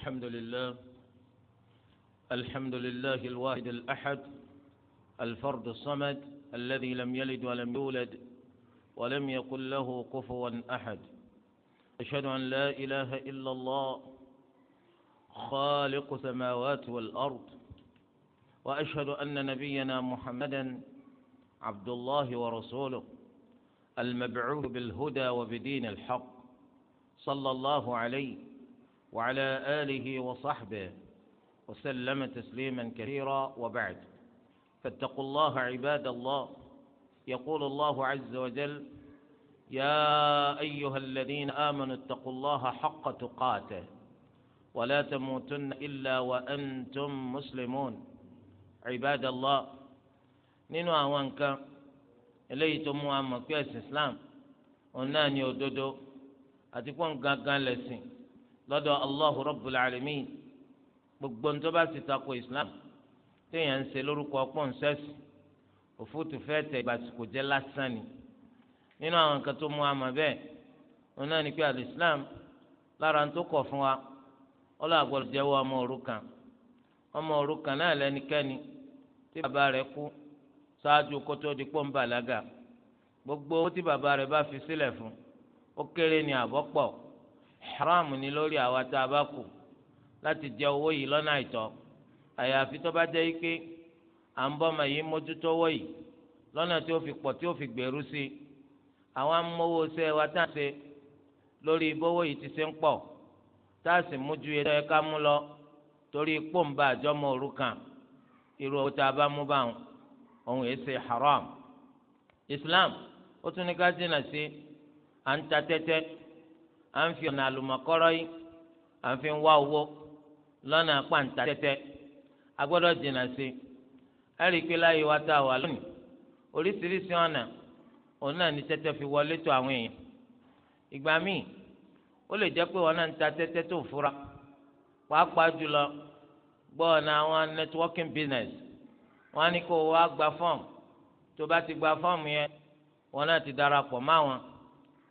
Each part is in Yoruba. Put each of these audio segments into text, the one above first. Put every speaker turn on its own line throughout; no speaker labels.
الحمد لله الحمد لله الواحد الأحد الفرد الصمد الذي لم يلد ولم يولد ولم يقل له كفوا أحد أشهد أن لا إله إلا الله خالق السماوات والأرض وأشهد أن نبينا محمدا عبد الله ورسوله المبعوث بالهدى وبدين الحق صلى الله عليه وعلى آله وصحبه وسلم تسليما كثيرا وبعد فاتقوا الله عباد الله يقول الله عز وجل يا أيها الذين آمنوا اتقوا الله حق تقاته ولا تموتن إلا وأنتم مسلمون عباد الله نينو أوانكم إليتم مؤمن mú إسلام mọ̀ pé ẹ̀sìn islam òun lọ́dọ̀ allahu rabbul alamin gbogbo ti islam téèyàn ń ṣe lórúkọ pọ́ńsẹ́sì òfútu fẹ́ tẹ ìbásíkò jẹ́ lásán ni nínú àwọn nǹkan tó mú àmọ́ bẹ́ẹ̀ wọn náà ní pé lára tó kọ̀ fún wa ọlọ́ àgbọ̀dọ̀ jẹ́wọ́ ọmọ ọmọ náà lẹ́nikẹ́ni tí bàbá rẹ̀ kú ṣáájú bàlágà gbogbo haram ni lórí àwa tá a bá kù láti jẹ owó yìí lọ́nà àìtọ́ àyàfi tó bá jẹ́ pé à ń bọ́mọ yìí mójútó owó yìí lọ́nà tí ó fi pọ̀ tí ó fi gbèrú sí i àwa ń mówó ṣe wa tá a ṣe lórí bówó yìí ti ṣe ń pọ̀ tá a sì mú ju ẹjọ́ mú lọ torí pòǹba àjọmọ òrukàn irú owó tá a bá mú báwọn òun yìí ṣe haram Islam ó tún ní ká dínà sí à ń ta tẹ́tẹ́ à ń fi ọ̀nà àlùmọ̀kọ́rọ́ yìí à ń fi wá owó lọ́nà pàǹtà tẹ́tẹ́ a gbọ́dọ̀ jìnnà sí i a rí i pé láyé wa tá a wà lónìí oríṣiríṣi ọ̀nà òun náà ní tẹ́tẹ́ fi wọlé tó àwọn èèyàn ìgbà míì ó lè jẹ́ pé wọn náà ń ta tẹ́tẹ́ tó fura pàápàá jùlọ gbọ́ ọ̀nà àwọn networking business wọn á ní kó o wá gba fọ́ọ̀mù tó bá ti gba fọ́ọ̀mù yẹn wọn náà ti darapọ̀ mọ́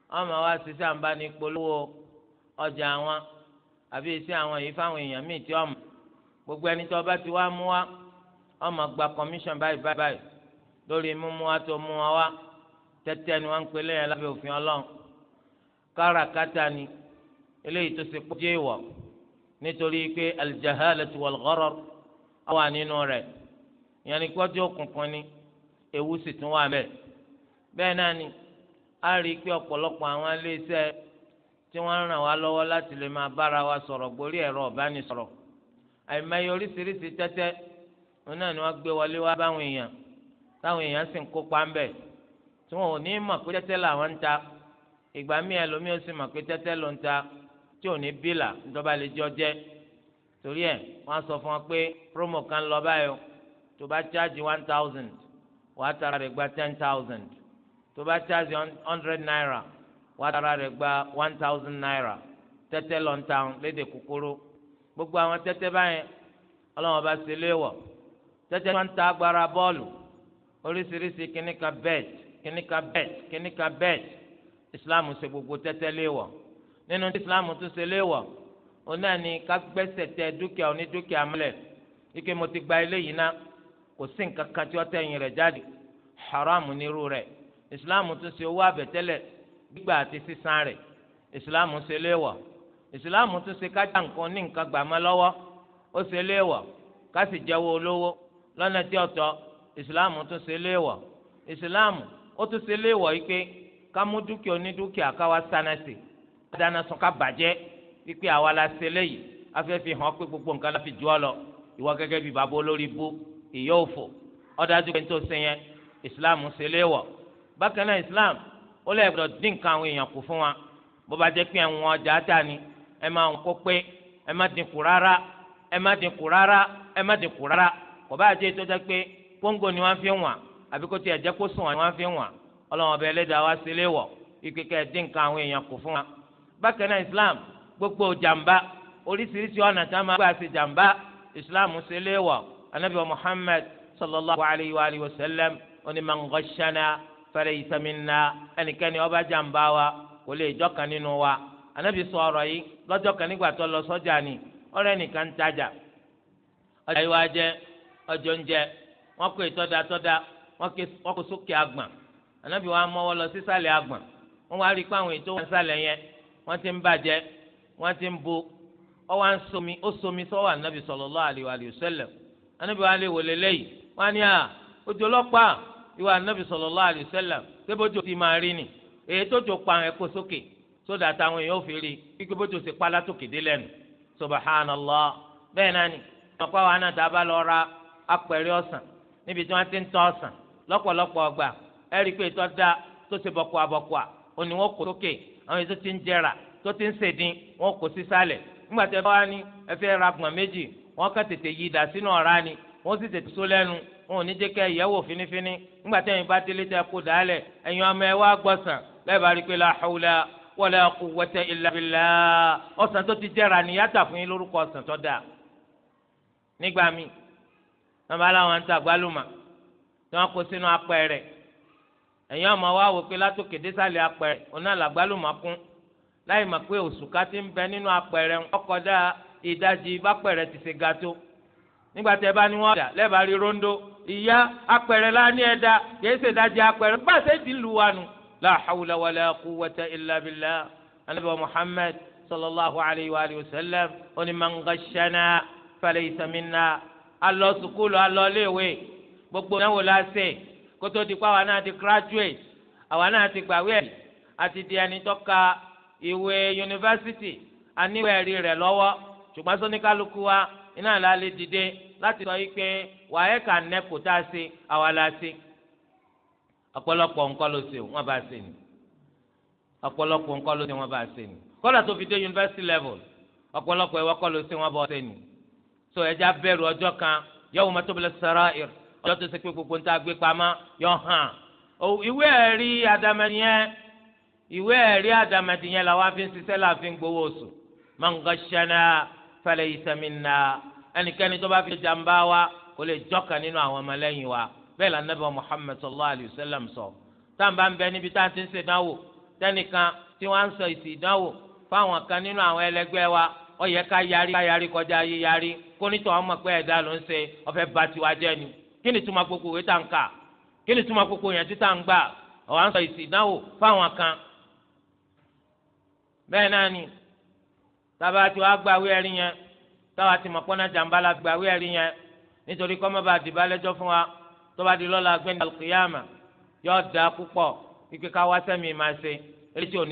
wọn máa wá sí sàǹbá ní polówó ọjà wọn àbí sí àwọn yìí fáwọn èèyàn míì tí ọmọ gbogbo ẹni tí ọba ti wá mú wa ọmọ gba commission báyìí báyìí lórí mímú wa tó mú wa wá tẹ́tẹ́ ni wọ́n ń pelé yẹn lábẹ́ òfin ọlọ́run káràkátà ni eléyìí tó ṣe kọjá ìwọ nítorí pé aljahalatu wal gharar á wà nínú rẹ̀ ìyẹn ni kọjá òkùnkùn ni ewu sì tún wà bẹ́ẹ̀ bẹ́ẹ̀ náà ni. a rí i pé ọ̀pọ̀lọpọ̀ àwọn iléeṣẹ́ tí wọ́n ràn wá lọ́wọ́ láti lè máa bára wa sọ̀rọ̀ gborí ẹ̀rọ ìbánisọ̀rọ̀ àìmọye oríṣiríṣi tẹ́tẹ́ wọn náà ni wọ́n gbé wọlé wá báwọn èèyàn táwọn èèyàn sì ń kópa ń tí wọn ò ní mọ̀ pé tẹ́tẹ́ làwọn ń ta ìgbà míì ẹlòmíì ó sì mọ̀ pé tẹ́tẹ́ ló ń ta tí ò ní bílà lè jọ pé promo kan lọ tó bá one thousand wàá tara rẹ̀ ten thousand tó bá charge hundred naira wàá tara rẹ̀ gba one thousand naira tẹ́tẹ́ lọ́ntàn léde kúkúrú gbogbo àwọn tẹ́tẹ́ báyẹn ọlọ́wọ́n bá ṣe léwọ̀ tẹ́tẹ́ máa ń ta agbára bọ́ọ̀lù oríṣiríṣi kìnnìkan bet kìnnìkan bet kìnnìkan bet islam ṣe gbogbo tẹ́tẹ́ léwọ̀ nínú tí islam tún ṣe léwọ̀ òun náà ni ká gbẹ́sẹ̀ tẹ dúkìá oní dúkìá mọ́lẹ̀ ike mo ti gba eléyìí ná kò sí nǹkan kan tí wọ́n tẹ̀yìn rẹ̀ jáde haram nírú rẹ̀ ìsìláàmù tún ṣe owó àbẹ̀tẹ́lẹ̀ gbígbà àti sísan rẹ̀ ìsìláàmù ṣe léèwọ̀ ìsìláàmù tún ṣe kájà nǹkan ní nǹkan gbàmọ́ lọ́wọ́ ó ṣe léèwọ̀ ká sì jẹ́wọ́ olówó lọ́nà tí ọ̀tọ̀ ìsìláàmù tún ṣe léèwọ̀ ìsìláàmù ó tún ṣe léèwọ̀ yìí pé ká dúkìá onídúkìá ká wá sanasi ká dáná ká bàjẹ́ pípé àwa la ṣe léyìí afẹ́fẹ́ hàn pé gbogbo nǹkan la fi jù ọ lọ ìwọ gẹ́gẹ́ bíi bàbá olórí bú ìyá òfò ọ̀dájú pé ní tó ṣe yẹn ìsìláàmù ṣe léèwọ̀ bákan islam ó lè gbọdọ̀ dín nǹkan àwọn èèyàn kù fún wa bó bá jẹ́ pé àwọn ọjà tà ní ẹ máa ń kó pé ẹ má dín kù rárá ẹ má dín kù rárá ẹ má dín kù rárá kò bá jẹ́ tó jẹ́ pé kóńgò ni wọ́n fi ń wà àbí kó tiẹ̀ jẹ́ kó sùn wọ́n ni wọ́n fi ń wà ọlọ́wọ́n ọbẹ̀ ẹlẹ́dàá wá sílé wọ̀ ike kẹ́ dín nǹkan àwọn èèyàn kù fún wa. bákan islam gbogbo jàmbá oríṣiríṣi ọ̀nà tá a máa gbà ṣe jàmbá islam sílé wọ̀ anabi muhammad sallallahu alayhi wa sallam oní man falaysa minna ẹnikẹ́ni ó bá jàǹbá wa kò lè jọ́kan nínú wa anabi sọ ọrọ yìí lọ́jọ́ nígbà tó lọ ni ọ̀rẹ́ nìkan tajà ọjà yìí wá jẹ ọjọ ń jẹ wọ́n kó ìtọ́da tọ́da wọ́n kó sókè anabi wa lọ wá rí i ètò wọn sàlẹ̀ yẹn wọ́n ti ń bàjẹ́ anabi anabi wa lè wọlé lẹ́yìn iwa anabi sọlọlọ alayhi wa sallam sébójú ti máa rí ni èyí tó tó pa ẹ̀kọ́ sókè sódà táwọn èèyàn fi rí kíkó bójú ti pálá tó kéde náà ni ọ̀pọ̀ àwọn anáta bá lọ ra apẹ̀rẹ̀ ọ̀sán níbi tí wọ́n ti ń ọgbà pé da tó ti ń jẹrà tó ti ń sèdín wọ́n kó sísàlẹ̀ nígbà tí ẹ fẹ́ ra gbọ̀n méjì wọ́n sì tètè so lẹ́nu wọn ò ní jẹ́ kẹ́ ìyẹ́wò finifini nígbà tẹ́yìn bá délé tẹ́ kó dàálẹ̀ ẹ̀yin ọmọ ẹ wá gbọ̀sán bẹ́ẹ̀ bá rí pé la hawla wala quwwata illa billah ọ̀sán tó ti jẹ́ra níyàtà fún yín lórúkọ ọ̀sán tó dáa nígbà míì nàbà làwọn ń ta àgbálùmọ̀ tí wọ́n kó sínú apẹ̀rẹ̀ ẹ̀yin ọmọ wa wò pé látòkè désàlẹ̀ apẹ̀rẹ̀ ọ̀nà làgbálùmọ̀ kún láì mọ̀ pé òṣùká ti ń bẹ nínú apẹ̀rẹ̀ ọkọ̀dá ìdajì bápẹ̀rẹ̀ ti ṣe ga tó nígbà tẹ bá ní wọn dà lẹ́bàá rí rondo ìyá apẹ̀rẹ̀ la ní ẹ̀dá kìí ṣe dájẹ́ apẹ̀rẹ̀ bá ṣe ti lù wa nù. la hawla wala quwwata illa billah anabi wa muhammad sallallahu alayhi wa sallam oní man ghashana falaysa minna alọ sukulu alọ léwe gbogbo náwó la ṣe kótó ti kó àwa náà ti graduate àwa náà ti gbàwé ẹ̀rí àti di ẹni tó ìwé yunifásitì àníwẹ̀ẹ́rì rẹ̀ lọ́wọ́ ṣùgbọ́n sóníkálukú wa iná ìlà dìde láti sọ yìí pé wàá kà nẹ́kù tá a ṣe àwa la ṣe ọ̀pọ̀lọpọ̀ nǹkan ló ṣe bá ṣe ni ọ̀pọ̀lọpọ̀ nǹkan ló ṣe bá ṣe ni kọ́dà tó fi dé yunifásitì level ọ̀pọ̀lọpọ̀ ẹ̀wọ́ kọ́ ló ṣe bá ṣe ni so ẹja bẹ̀rù ọjọ́ kan yọ̀wò mọ́tòbílẹ̀ sarair ọjọ́ tó ṣe pé gbogbo ń ta gbé pamọ́ yọ̀ hàn ìwé ẹ̀rí adamẹ́yẹn ìwé ẹ̀rí adamẹ́yẹn làwọn afi ń ṣiṣẹ́ láàfin gbowó oṣù man ghashana falaysa minna ẹnikẹ́ni tó bá fi jàmbá wa kò lè jọ́ka nínú àwọn ọmọlẹ́yìn wa bẹ́ẹ̀ la nàbẹ̀ Muhammad sallallahu alayhi wa sallam sọ táǹbà ń bẹ níbi tá a ti ń ṣe ìdánwò tẹnìkan tí wọ́n á ń sọ ìsì ìdánwò fáwọn kan nínú àwọn ẹlẹgbẹ́ wa ó yẹ ká yarí ká yarí kọjá yé yarí kó nítorí ọmọ pé ẹ̀dá ló ń ṣe ọ̀fẹ́ bá tiwa jẹ́ ni kí ni túmọ̀ gbogbo òwe tá ń kà kí ni túmọ̀ gbogbo yẹn títà ń gbà ọ̀wá ń sọ ìsì ìdánwò fáwọn kan bẹ́ẹ̀ náà ni tábà tí wàá gbàwé ẹ̀rí yẹn táwa ti mọ̀ pọ́nà jàǹbá la gba wíwá rí yẹn nítorí kọ́ mọ́ bá dìbà lẹ́jọ́ fún wa tó bá di lọ́la gbẹ́ni alukiyama yóò da púpọ̀ ike ká wá sẹ́mi máa ṣe eré tí ò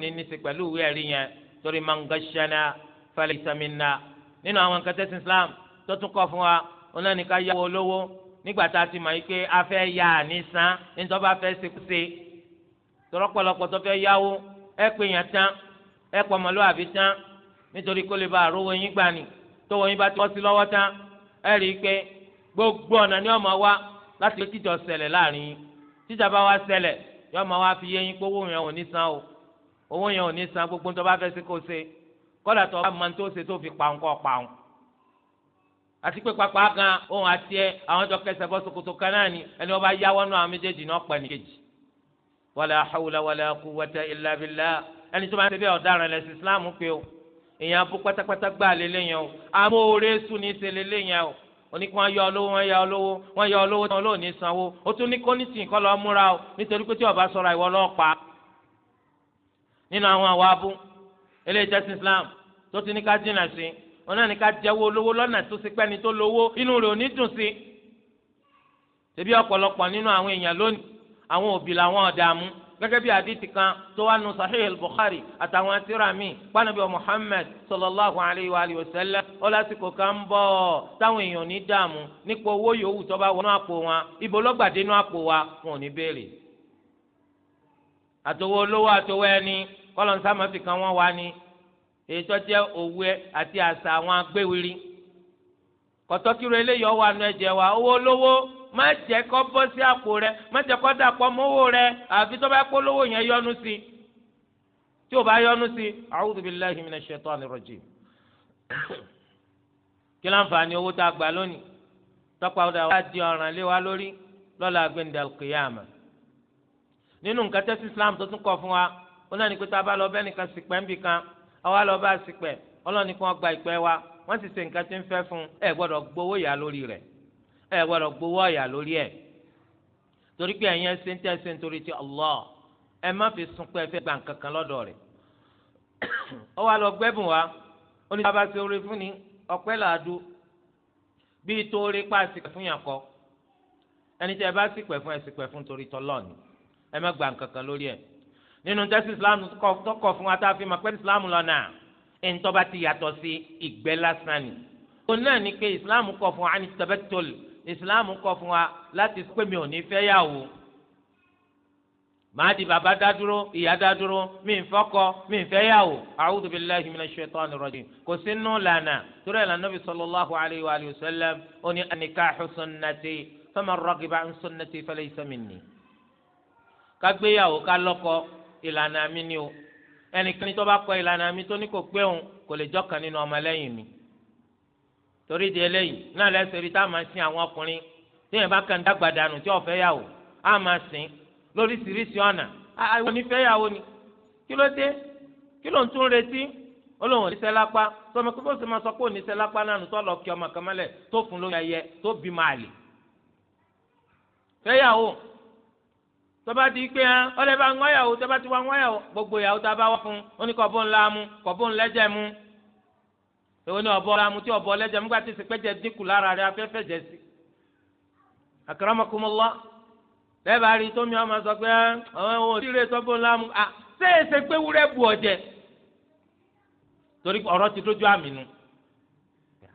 ní ní ṣe pẹ̀lú wíwá rí yẹn torí manga ṣẹ́nà fẹ́lẹ́ ìsàmìnà nínú àwọn nǹkan tẹ́sí Islam tó tún kọ́ fún wa wọn náà ní ká yáwó olówó nígbà tá a ti mọ̀ ike afẹ́ yá àníṣán nítorí bá fẹ́ ṣe kúṣe tọ́lọ́pọ̀lọpọ̀ nítorí kó lè bá àrówó yín gbà ní tówó yín bá ti sí lọ́wọ́ tán ẹ rí i pé gbogbo ọ̀nà ni ọmọ wa láti lè tíjọ ṣẹlẹ̀ láàrin yín tíjà bá wa ṣẹlẹ̀ yọ ọmọ wa fi yé yín pé owó yẹn ò ní san o owó yẹn ò ní san gbogbo tó bá fẹ́ sí kó ṣe kọ́dà tó bá máa tó ṣe tó fi pàun kọ́ pàun àti pé pàpà gan ohun àti ẹ àwọn jọ kẹsẹ̀ bọ́ ṣòkòtò kan náà ni ẹni wọ́n bá yáwọ́ náà àwọn méjèèjì náà pẹ̀ ní kejì wala hawla wala quwwata ẹni tó bá ń ṣe bẹ́ẹ̀ ọ̀daràn lẹ́sìn Islam pé o èèyàn abú pátápátá gbà lélẹ́yìn o amóore sùn ní ṣe lélẹ́yìn o oníkan ayọ olówó wọn yọ olówó wọn yọ olówó tán olóò ní sanwó ó tún ní kọ́nìsìn kọ́ lọ múra o nítorí pé tí ọba sọ̀rọ̀ ìwọ ọlọ́pàá nínú àwọn àwọn abú eléyìí jẹ́sìn Islam tó ti ní ká jìnnà sí wọn náà ní ká jẹ́wọ́ olówó lọ́nà tó ti pẹ́ni tó lówó inú rẹ̀ ò ní dùn sí i ṣebí ọ̀pọ̀lọpọ̀ nínú àwọn èèyàn lónìí àwọn òbí làwọn ọ̀dààmú gẹ́gẹ́ bí àdìsí kan tó wà nù sahih al-bukhari àtàwọn àtìrà mi pànàbí wa muhammad sallallahu alayhi wa alihi wa sallam ó lásìkò kan ń bọ̀ táwọn èèyàn ní dààmú nípa owó yòówù tó bá wọnú àpò wọn ibo lọ́gbàdé nú àpò wa wọn ò ní béèrè. àtòwò olówó àtòwò ẹni kọ́lọ́n máa fi kan wọ́n wá ní èyí tó jẹ́ òwe àti àṣà àwọn agbéwìrì kọ̀tọ́kìrò eléyìí ọwọ́ àánú ẹ̀jẹ̀ wa owó olówó má jẹ́ kó bọ́ sí àpò rẹ má jẹ́ kó dàpọ̀ mọ́wó rẹ àfi tó bá polówó yẹn yọnu sí tí o bá yọnu sí i a'udhu billahi minash shaitanir rajim kí láǹfààní owó tá a gbà lónìí tọ́pọ̀ àwọn ọ̀dà di ọ̀ràn lé wa lórí lọ́la gbẹ̀ndẹ̀ al nínú nǹkan tẹ́sí Islam tó tún kọ̀ fún wa ó náà ní pé tá a bá lọ bẹ́ẹ̀ nìkan ṣìpẹ̀ ń bì kan àwa lọ bá ṣìpẹ̀ ọlọ́ọ̀ni kan gba ìpẹ́ wa wọ́n sì ṣe nǹkan tí ń fẹ́ fún ẹ gbọ́dọ̀ gbowó yà lórí rẹ̀ ẹ gbọ́dọ̀ gbowó ọ̀yà lórí ẹ̀ torí pé ẹ̀yin ẹsẹ̀ ń tẹ̀sẹ̀ nítorí ti Allah ẹ má fi sun pé ẹ fẹ́ gba nǹkan kan lọ́dọ̀ rẹ̀ ó wá lọ gbẹ́bùn wa ó ní bàbá ṣe oore fún ni ọpẹ́ làádú bíi toore pa àsìkò fún yàn kọ ẹni tí ẹ bá sìpẹ̀ fún ẹ sìpẹ̀ fún torí tọ́lọ́ ni ẹ má gba nǹkan lórí ẹ̀ nínú tẹ́sí Islam tó kọ̀ fún wa tá a fi mọ̀ pé Islam lọ́nà ẹ̀ ń tọ́ bá ti yàtọ̀ sí ìgbẹ́ lásán ni òun náà ni pé Islam kọ̀ fún wa á ní tẹ́bẹ́tọ́lì ìsìláàmù kọ̀ fún wa láti pé mi ò ní fẹ́ yàwó màá di bàbá dádúró ìyá dádúró mi ń fọkọ mi ń fẹ́ yàwó a'udhu billahi minash shaitani rajim kò sí nù lànà torí ẹ̀là nàbì sallallahu alayhi wa sallam ó ní an-nikahu sunnati faman ragiba an sunnati falaysa minni. kágbéyàwó ká ìlànà mi ni o ẹnikẹ́ni tó bá kọ ìlànà mi tó ní kò pé òun kò lè jọ́kan nínú ọmọlẹ́yìn mi torí di eléyìí náà lẹ́sẹ̀ rí tá a máa sin àwọn ọkùnrin téèyàn bá kàn dàgbà dànù tí ó fẹ́ yàwó á máa sìn lóríṣiríṣi ọ̀nà àwọn onífẹ́ yàwó ni kí ló dé kí ló ń tún retí olóhùn oníṣẹ́ lápá sọmọ kí bó ṣe máa sọ pé oníṣẹ́ lápá náà tó lọ kí ọmọ kan mọ́lẹ̀ tó fún lórí ayẹ tó bí máa lè fẹ́yàwó tọba ti pé hàn ọlẹ́ bá ń wáyàwó tọba ti wá ń wáyàwó gbogbo ìyàwó tá èwo ni ọ̀bọ ramu tí ọ̀bọ lẹ́jẹ̀ nígbà tí ìsìnkpẹ́jẹ dínkù lára rẹ̀ afẹ́fẹ́ jẹ sí. àkàràmọ́kùmọ́lá lẹ́bàá rí tómi ọmọ sọ pé àwọn ohun òṣìṣẹ́ sọ́bù ńlá mu à ṣé èsè pé wúrẹ́ bu ọ̀jẹ̀ torí ọ̀rọ̀ ti dójú àmì nu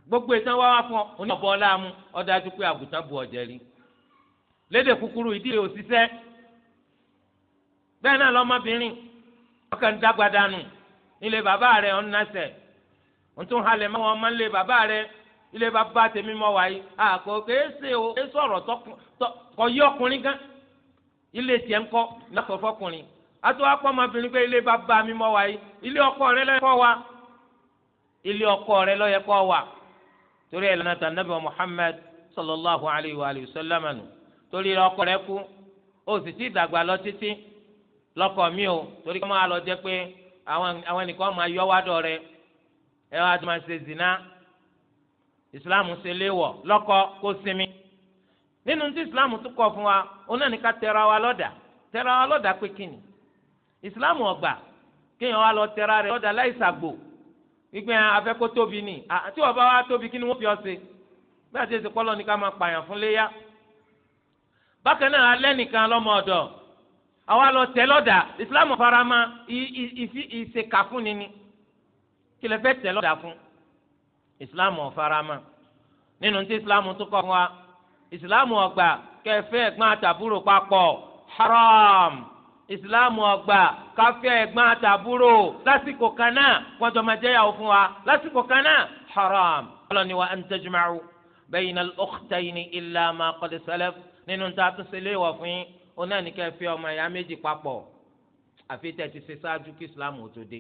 gbogbo ìtàn wá wá fún ọ ní ọ̀bọ láàmú ọ̀dájú pé àgùntàn bu ọ̀jẹ̀ rí lédè kúkúrú ìdílé òṣìṣẹ́ bẹ́ẹ̀ náà lọ́mọbìnrin ọkàn dàgbàdànù ilé bàbá rẹ̀ ọ̀nàṣẹ́ wọ́n tún halẹ̀ mọ́ wọn mọ́lé bàbá rẹ ilé bàbá tèmi mọ́ wáyé àpò kéésì o kéésì ọ̀rọ̀ kọ yí ọkùnrin gan ilé tiẹ̀ ń kọ́ lọ́sọ̀ fọkùnrin àti wàá pọ́ ọmọbìnrin pé ilé bàbá mi mọ́ wáyé ilé ọkọ rẹ lọ́yẹ kọ́ wa ilé ọkọ rẹ lọ́yẹ kọ́ wa torí ẹ̀ lọ́nà tàn nàbẹ̀ Muhammad sallallahu alayhi wa sallam nù torí ọkọ rẹ kú o sì ti dàgbà lọ títí lọ́kọ mi o torí kọ́ máa lọ jẹ́ pé àwọn nìkan máa yọ wá dọ̀ rẹ̀ ẹ wá tó máa ṣe zina islam ṣe léwọ̀ lọ́kọ kó sinmi nínú tí islam tún kọ fún wa ó náà ní ká tẹra wa lọ́dà tẹra wa lọ́dà pé kíni islam ọgbà kéèyàn wa lọ tẹra rẹ̀ lọ́dà láì ṣàgbò gbígbẹ́ afẹ́ kó tóbi ni àti wọ́n bá wa tóbi kí ni wọ́n fi ọ ṣe bí àti èsì kọ́lọ́ ni máa pààyàn fún léyà bákan náà alẹ́ nìkan lọ́mọ ọ̀dọ̀ àwa lọ tẹ lọ́dà islam farama ìṣèkà fún ni ni kí lè fẹ́ tẹ̀ lọ́dà fún ìsìláàmù ọ̀farama nínú tí ìsìláàmù tó kọ́ wa ìsìláàmù ọgbà kẹfẹ́ ẹ̀gbọ́n àtàbúrò papọ̀ haram ìsìláàmù ọgbà káfẹ́ ẹ̀gbọ́n àtàbúrò lásìkò kan náà wọ́n jọ máa jẹ́yàwó fún wa lásìkò kan náà haram. ọlọ́ni wa an tajma'u bayna al-ukhtayni illa ma qad salaf nínú tá a tún ṣe léèwọ̀ fún yín ọmọ ìyá méjì papọ̀ àfi tẹ̀ ti ṣe ṣáájú kí ìsìláàmù ò tó dé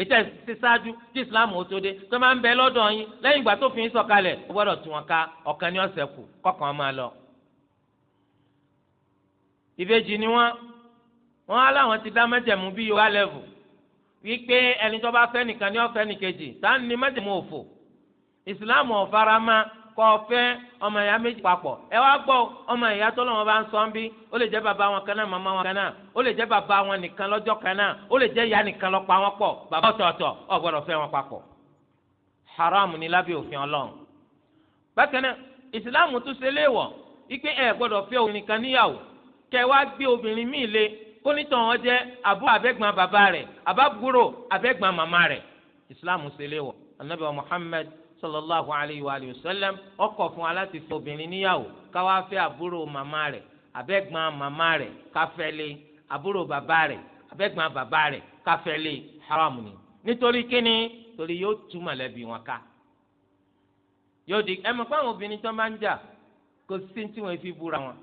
ètò ti ṣáájú tí islam ò tó dé tó máa ń bẹ lọ́dọ̀ yín lẹ́yìn ìgbà tó fi ń sọ̀kalẹ̀ ó gbọ́dọ̀ tún wọn ká ọ̀kan ní ọ̀sẹ̀ kù kọ̀ọ̀kan máa lọ. ìbejì ni wọ́n wọ́n á láwọn ti dá mẹ́jẹ̀mú bí yorùbá lẹ́vù wípé ẹni tó bá fẹ́ nìkan ní ọ̀fẹ́ nìkejì tá ní mẹ́jẹ̀mú òfò islam ò fara mọ́ kọ́ ọ fẹ́ ọmọ ìyá méjì papọ̀ ẹ wá gbọ́ ọmọ ìyá tó lọ́wọ́ bá ń sọ ń bí ó lè jẹ́ bàbá wọn kan náà màmá wọn kan náà ó lè jẹ́ bàbá wọn nìkan lọ́jọ́ kan náà ó lè jẹ́ ìyá nìkan ló pa wọn pọ̀ bàbá ọ̀tọ̀ọ̀tọ̀ ò gbọ́dọ̀ fẹ́ wọn papọ̀ haram ni lábẹ́ òfin ọlọ́run bákan náà ìsìláàmù tún ṣe léèwọ̀ wípé ẹ gbọ́dọ̀ fẹ́ obìnrin kan níyàwó kẹ wá gbé obìnrin míì le kó nítàn wọn jẹ́ àbúrò abẹ́gbọ́n bàbá rẹ̀ àbábúrò abẹ́gbọ́n màmá rẹ̀ ìsìláàmù ṣe léèwọ̀ anabi sallallahu alayhi wa sallam ọkọ fún wa láti fẹ́ obìnrin níyàwó káwá fẹ́ àbúrò màmá rẹ̀ abẹ́gbọ́n màmá rẹ̀ káfẹ́lé àbúrò bàbá rẹ̀ abẹ́gbọ́n bàbá rẹ̀ káfẹ́lé haram ni nítorí kíni torí yóò tú mọ̀lẹ́bí wọn ká yóò di ẹ mọ̀ pé àwọn obìnrin tó máa ń jà kò sí tí wọ́n fi búra wọn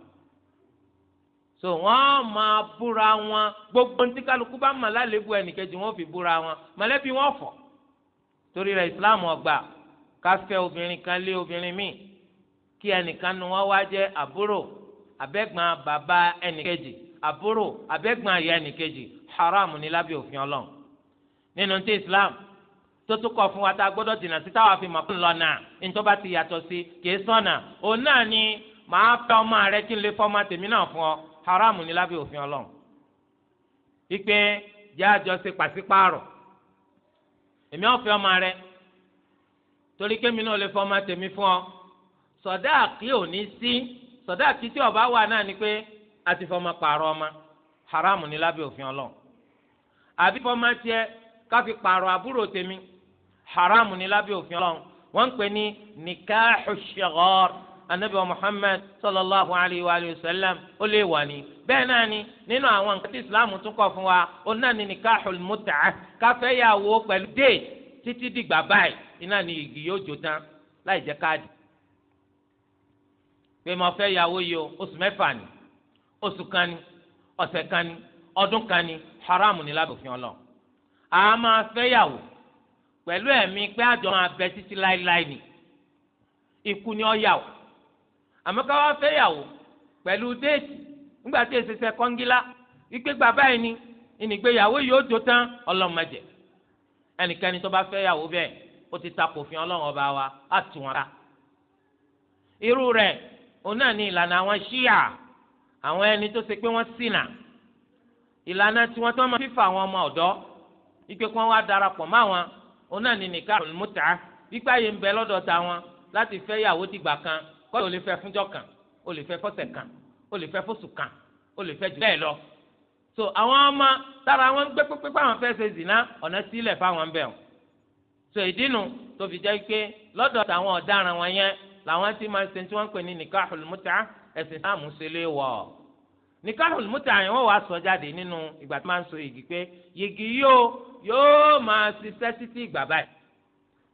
so wọ́n máa búra wọn gbogbo ní kálukú bá mọ̀ lálébù ẹnìkejì wọ́n fi búra wọn mọ̀lẹ́bí wọn fọ̀ torí rẹ̀ ìsìláàmù ọgbà káfẹ́ obìnrin kan lé obìnrin míì kí ẹnìkan nu wọn wá jẹ́ àbúrò abẹ́gbọ́n bàbá ẹnìkejì àbúrò abẹ́gbọ́n àyà ẹnìkejì haram ní lábẹ́ òfin ọlọ́run nínú ti islam tó tún kọ fún wa tá a gbọ́dọ̀ dènà sí táwa fi màá lọ́nà ntọ́ba ti yàtọ̀ sí kìí sọ̀nà òun náà ni màá fẹ́ ọmọ rẹ kí n lè fọ́ ọmọ tèmi náà fún ọ haram ní lábẹ́ òfin ọlọ́run ìpè jẹ́ àjọṣe pàṣípààrọ̀ èmi ọ̀fẹ́ ọmọ rẹ torí kémi náà lè fọmọ tèmi fún ọ sọdáàkì ò ní sí sọdáàkì tí ọba wà náà ni pé àti fọmọ pààrọ̀ ọmọ haramu ní lábẹ́ òfin Ọlọ́run àbí fọmọ tiẹ̀ káfi pààrọ̀ àbúrò tèmi haramu ní lábẹ́ òfin Ọlọ́run wọ́n ń pè ní nikahu shighar anabi muhammed sallallahu alayhi wa sallam ó lè wà ní. bẹ́ẹ̀ náà ni nínú àwọn nǹkan tí ìsìláàmù tún kọ̀ fún wa ó náà ní nikahul mut'ah káfẹ́yàwó pẹ̀lú dé títí dìgbà báyìí iná ni igi yóò jó tán láì jẹ́ káàdì pé mo fẹ́ yàwó yìí o oṣù mẹ́fà ni oṣù kan ni ọ̀sẹ̀ kan ni ọdún kan ni haram ni lábòfin ọlọ́run a máa fẹ́ yàwó pẹ̀lú ẹ̀mí pé àjọ máa bẹ títí láéláé ni ikú ni ọ yàwó àmọ́ ká wá fẹ́ yàwó pẹ̀lú déètì nígbà tí èsì sẹ kọ́ngílá wípé bàbá yìí ni ìnìgbéyàwó yìí ó jó tán ọlọ́mọdé ẹnikẹ́ni tó bá fẹ́ yàwó bẹ́ẹ̀ ó ti ta kòfin ọlọ́run ọba wa á tù wọn ká irú rẹ̀ òun náà ni ìlànà àwọn ṣíà àwọn ẹni tó ṣe pé wọ́n ṣìnà ìlànà tiwọn tó máa fífa àwọn ọmọ ọ̀dọ́ ike kí wọ́n wá darapọ̀ mọ́ àwọn òun náà ni nìka mùtà gbígbá yìí ń bẹ lọ́dọ̀ ta wọn láti fẹ́ yàwó dìgbà kan kọ́ni ò lè fẹ́ fúnjọ́ kan ò lè fẹ́ fọ́sẹ̀ kan ò lè fẹ́ fóṣù kan ò lè fẹ́ jù bẹ́ẹ̀ lọ so àwọn ọmọ tára wọn gbé pépé pé àwọn fẹ́ ṣe zìnà ọ̀nà sílẹ̀ fáwọn bẹ́ẹ̀ o so ìdínú tó fi jẹ́ pé lọ́dọ̀ àwọn ọ̀daràn wọn yẹn làwọn ti máa ń ṣe tí wọ́n ń pè ní nikahul muta ẹ̀sìn sáàmù sílé wọ̀ nikahul muta yẹn wọ́n wàá sọ jáde nínú ìgbà tí wọ́n máa ń so yìgì pé yìgì yóò yóò máa ṣiṣẹ́ títí ìgbà báyìí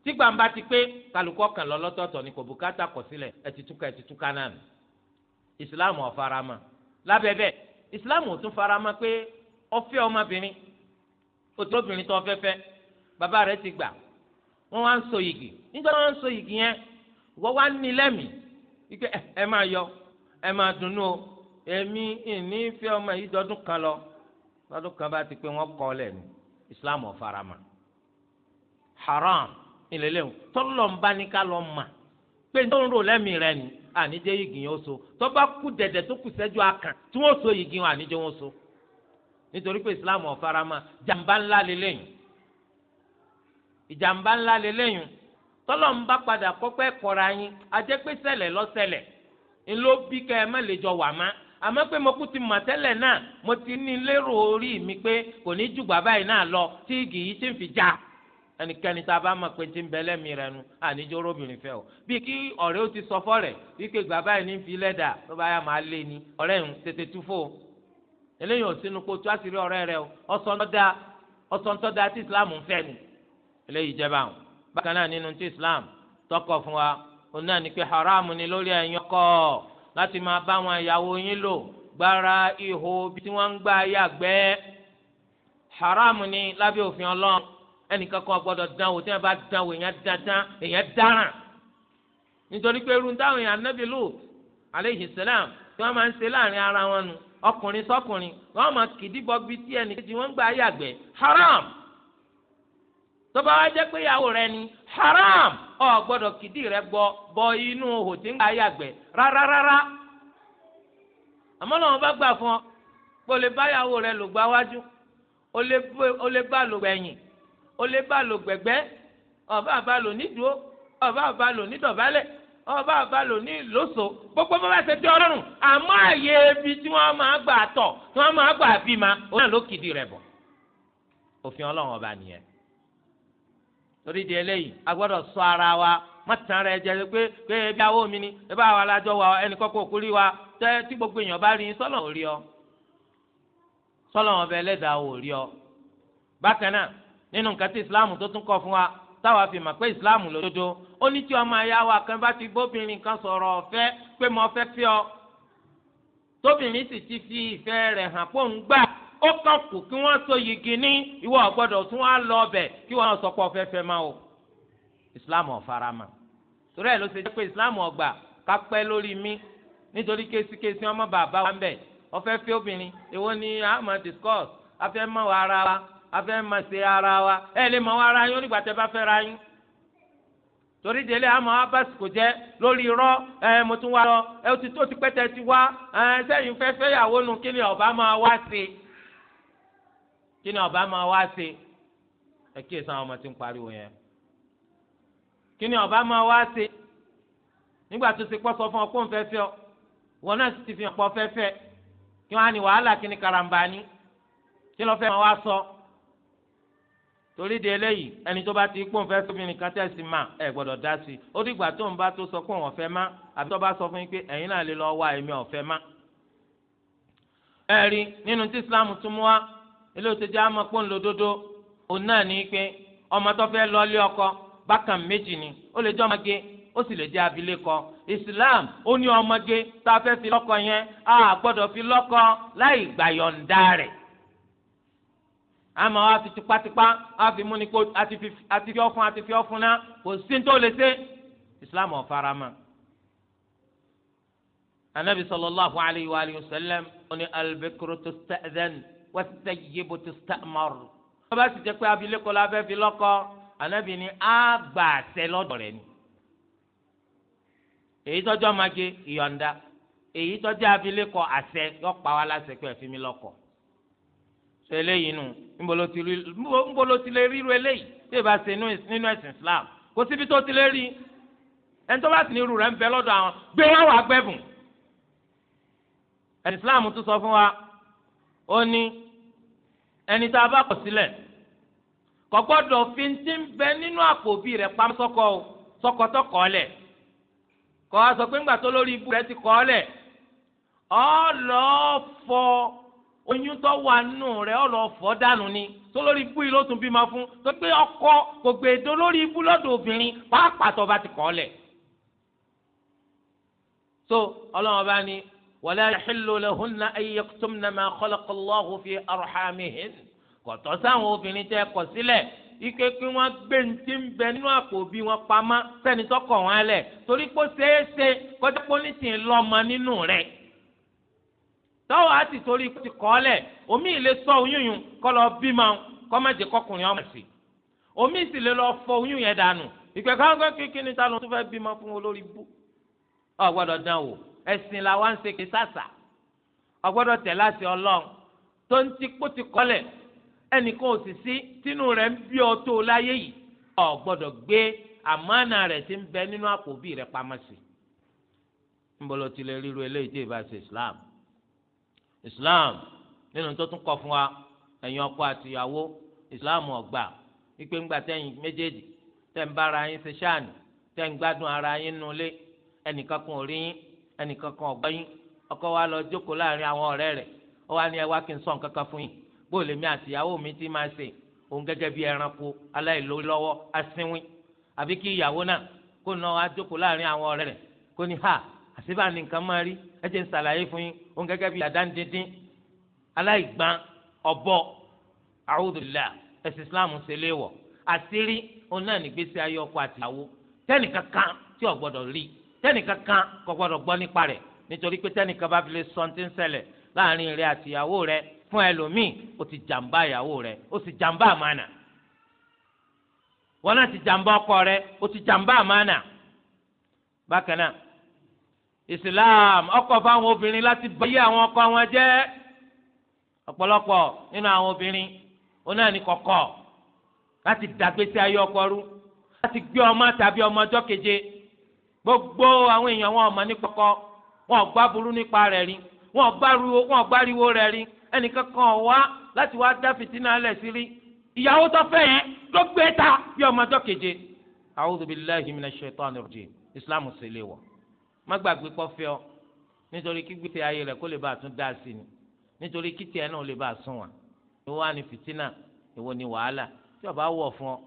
tí gbàǹbá ti pé kálukọ́ kan lọ lọ́tọ̀ọ̀tọ̀ ni kò bùkátà kọ̀ sílẹ̀ ẹ̀ ti túká ẹ̀ ti túká náà nù ìsìláàmù ọ̀farama lábẹ́bẹ́ ìsìláàmù tún farama pé ọfẹ́ ọmọbìnrin òtún obìnrin wọn wá ń so igi nígbà wọ́n ń so igi yẹn wọ́n wá ní ike ẹ máa yọ ẹ máa dunu o èmi ìní fẹ́ ọmọ yìí dọdún kan lọ kan bá ti pé wọn ní Islam haram ìlẹ́lẹ́wọ̀n tọ́lọ̀ ń mà pé tó ń rò rẹ ni àníjẹ́ yẹn ó so tó bá kú dẹ̀dẹ̀ tó kù akàn tí wọ́n so ìjàmbá ńlá lélẹ́yìn tọ́lọ̀ ń bá padà kọ́pẹ́ kọ́ra yín ajẹ́ pé ṣẹlẹ̀ lọ́sẹlẹ̀ ńlọ bí kẹ́ ẹ má lè jọ wà má àmọ́ pé mo kú ti mọ̀ tẹ́lẹ̀ náà mo ti ní lérò orí mi pé kò ní jù bàbá yìí náà lọ tí igi tètè tú fò eléyìí ò sínú kó ọ̀rẹ́ rẹ o Islam ń eléyìí jẹba àwọn bákan náà nínú ti islam tọkọ fún wa òun náà ní pé haramu ni lórí ẹ̀yin ọkọ láti máa bá àwọn ìyàwó yín lò gbára ihò bí tí wọ́n ń gbá ayé àgbẹ́ haramu ni lábẹ́ òfin ọlọ́run ẹnìkan kan gbọ́dọ̀ dánwò tí wọ́n bá dánwò èèyàn dandan èèyàn dáràn nítorí pé irun táwọn èèyàn anábì lò aleyhi salam tí wọ́n máa ń ṣe láàrin ara wọn nu ọkùnrin sọkùnrin wọ́n máa kìdí bọ́ bí tí ẹnìkejì wọ́n ń gbá ayé àgbẹ́ haram tọba wa jẹ pé ìyàwó rẹ ni haram ọ gbọ́dọ̀ kìdí rẹ gbọ bọ inú hò tí ń gba ayàgbẹ rárárárá àmọ́ náà wọn bá gbà fún ọ pé o lè bá ìyàwó rẹ lò gbá wájú o lè bá lò gbẹ̀yìn o lè bá lò gbẹ̀gbẹ́ ọba àbá lò nídùú ọba àbá lò nídọ̀bálẹ̀ ọba àbá lò ní gbogbo bá bá ṣe tí ọlọ́run àmọ́ àyè ibi tí wọ́n máa gbà tọ̀ tí wọ́n máa gbà bímọ òun náà ló kìdí rẹ bọ̀ òfin ọlọ́run ọba nìyẹn torí di eléyìí a gbọ́dọ̀ ṣọ́ ara wa má tàn rẹ jẹ pé pé ebi awo mi ni ebi awo alájọ wa ẹnì kọ́kọ́ òkú rí wa tẹ tí gbogbo èèyàn bá rí i sọ́lọ̀ ò rí ọ sọ́lọ̀ wọn bẹ ò rí ọ. bákan náà nínú nǹkan tí islam tó tún kọ fún wa táwa fi mọ̀ pé islam lòdodo ó ní tí ọmọ ayá wa kan bá ti bóbìnrin kan sọrọ ọ̀fẹ́ pé mo fẹ́ fẹ́ ọ tóbìnrin sì ti fi ìfẹ́ rẹ̀ hàn pọ̀ ń gbà ó kàn kù kí wọ́n so yìgì ní ìwọ ọ̀gbọ́dọ̀ tún wá lọ ọbẹ̀ kí wọ́n sọ pé ọ̀fẹ́fẹ́ máa o islam ọ̀farama torí ẹ̀ ló ṣe jẹ́ pé islam ọgbà kápẹ́ lórí mi nítorí kéésìkéésì ọmọ bàbá wa ń bẹ̀ ọ̀fẹ́fẹ́ obìnrin èwo ni a máa discuss afẹ́ mọ̀ wá ara wa afẹ́ mọ̀ ṣe ara wa ẹ lè mọ̀ wá ara yín onígbà tẹ́ bá fẹ́ ra yín torí délé àmọ́ abasi kò jẹ́ lórí irọ́ ẹ mo tún wá lọ ẹ ti tó ti pẹ́tẹ́ ti wá ẹ sẹ́yìn fẹ́fẹ́ yàwó nu kí ni ọba máa wá sí i kí ni ọba máa wá ṣe ẹ kí èso àwọn ọmọ ti ń pariwo yẹn kí ni ọba máa wá ṣe nígbà tó ṣe pọ́ sọ fún ọ kó ń fẹ́ fẹ́ ọ wọn náà sì ti fi hàn pọ́ fẹ́ fẹ́ kí wọ́n á ní wàhálà kí ni karambà ni kí lọ́ọ́ fẹ́ máa wá sọ torí de eléyìí ẹni tó bá ti pọ́n fẹ́ sóbìnrin kan tẹ̀sí mà ẹ gbọ́dọ̀ dá sí i ó dìgbà tó ń bá tó sọ pé òun ọ̀fẹ́ má àbí tó bá sọ fún yín pé ẹ̀yin náà lè lọ́ọ́ wá èmi ọ̀fẹ́ má. ẹ nínú tí Islam tún mú wá ilé òtún jẹ́ àmọ́ pọ́n lódodo òun ní pé ọmọ tó ọkọ méjì ni ó lè jẹ́ ọmọge ó sì lè jẹ́ abilékọ Islam ó ní ọmọge tá a fẹ́ fi lọ́kọ yẹn a gbọ́dọ̀ fi lọ́kọ láì gbàyọ̀ǹda rẹ̀ àmọ́ wa fi tipátipá wa fi múni kó àti fi Islam ò fara mọ́ anabi sallallahu alayhi wa sallam ó ní wat-tayyibu tusta'mar. wọ́n bá sì jẹ́ pé abilékọ la fẹ́ fi lọ́kọ ànábì ni á gbà àṣẹ lọ́dọ̀ rẹ̀ ni. èyí tọ́jú ọmọge ìyọ̀ǹda èyí tọ́jú abilékọ àṣẹ yọ pa wá láṣẹ pé ẹ fi mí lọ́kọ. sọ eléyìí nù ńbo ló ti lè ríru eléyìí tí ì bá ṣe nínú ẹ̀sìn Islam kò síbi tó ti lè rí ẹni tó bá sì ní irú rẹ̀ ń bẹ lọ́dọ̀ àwọn gbé wọn wà gbẹ́bùn. ẹ̀sìn Islam tún sọ fún wa ó ní ẹni tá a bá kọ̀ sílẹ̀ kò gbọ́dọ̀ fi ti ń bẹ nínú àpò bí rẹ̀ pam sọ́kọ o sọ́kọ tó kọ́ lẹ̀ kọ́ a sọ pé ńgbà tó lórí ibú rẹ̀ ti kọ́ lẹ̀ ọ lọ́ọ́ fọ oyún tó wà nù rẹ̀ ọ lọ́ọ́ fọ́ dànù ni tó lórí ibú yìí ló tún bímọ fún tó pé ọkọ kò gbèdó e lórí ibú lọ́dọ̀ obìnrin pàápàá tó bá ti kọ́ lẹ̀ so ọlọ́wọ́n bá ní ولا يحل لهن أن يكتمن ما خلق الله في أرحامهن kò في sáwọn obìnrin tẹ́ kọ̀ sílẹ̀ ike kí wọ́n gbé ntí ń bẹ nínú àpò bí wọ́n pamọ́ sẹ́ni tọkọ̀ wọn lẹ̀ torí pé ṣeéṣe kọjá pé ní tìǹ lọ́mọ nínú rẹ̀ tọ́wọ́ á ti torí ti kọ́ lẹ̀ omi ìlé sọ oyún yun kọ́ lọ bímọ kọ́ má jẹ́ kọkùnrin ọmọ sí omi sì lè lọ fọ oyún yẹn dànù ìgbẹ́ká kékeré níta ló tún fẹ́ bímọ fún olórí bú ọ gbọ́dọ̀ dán wò ẹ̀sìn la wá ń ṣe kìsàsà ọgbọ́dọ̀ tẹ̀ láti ọlọ́run tó ń ti kó ti kọ́lẹ̀ ẹnìkan ò sì sí tínú rẹ̀ ń bí ọ tó láyé yìí o gbé àmánà rẹ̀ ti ń bẹ nínú àpòbí rẹ̀ pamọ́ sí i ńbọlọ tilẹ̀ ríru eléyìí tí ì Islam Islam nínú tó tún kọ fún wa ẹ̀yin ọkọ àtìyàwó Islam ọgbà ìpè ńgbà tẹ̀yin méjèèjì tẹ̀ ń bára yín ṣe ṣáàní tẹ̀ ń gbádùn ara yín nulẹ̀ ẹnìkan kan ò rí yín ẹnìkan kan ọ̀gbọ́yìn ọkọ wa lọ jókòó láàrin àwọn ọ̀rẹ́ rẹ̀ ó wá ní ẹ wá kí n sọ nǹkan kan fún yín bó lèmi àtìyàwó mi ti máa ṣe òun gẹ́gẹ́ bí ẹranko aláìlólọ́wọ́ asínwín àbí kí ìyàwó náà kó náà wá jókòó láàrin àwọn ọ̀rẹ́ rẹ̀ kó ní ha àṣìbá ni nǹkan máa rí ẹ jẹ́ ń ṣàlàyé fún yín òun gẹ́gẹ́ bí àdáńdíndín aláìgbọ́n ọ̀bọ àwùdùlá ẹ̀sìn tẹ́nìkan kan kò gbọ́dọ̀ gbọ́ nípa rẹ̀ nítorí pé tẹ́nìkan bá fi lè sọ ti ń ṣẹlẹ̀ láàrin rẹ̀ àti ìyàwó rẹ̀ fún ẹlòmíì ó ti jàǹbá ìyàwó rẹ̀ ó sì jàǹbá àmànà wọn náà jàǹbá ọkọ rẹ̀ ó ti jàǹbá àmànà bákan náà Islam ọkọ fáwọn obìnrin láti báyé àwọn ọkọ wọn jẹ́ ọ̀pọ̀lọpọ̀ nínú àwọn obìnrin ó náà ní kọ̀kọ̀ láti dàgbé sí ayé ọkọ rú láti gbé ọmọ tàbí ọmọ ọjọ́ keje gbogbo àwọn èèyàn wọn ọmọ nípa kọ wọn ọgbà burú nípa rẹ̀ rí wọn ọgbà riwo rẹ̀ rí ẹnìkan kan wá láti wá dá fìtínà lẹ̀ sí rí ìyàwó tó fẹ́ yẹn ló gbé ta bí ọmọdọ́ keje a'udhu billahi minash shaitanir islam ṣe lè wọ̀ má gbàgbé kọ́ ọ nítorí kí ayé rẹ̀ kó lè bá a tún dá sí ni nítorí kí tiẹ̀ náà lè bá a sún wa ìwọ wa ni fìtínà ìwọ ni wàhálà tí ó bá wọ̀ fún ọ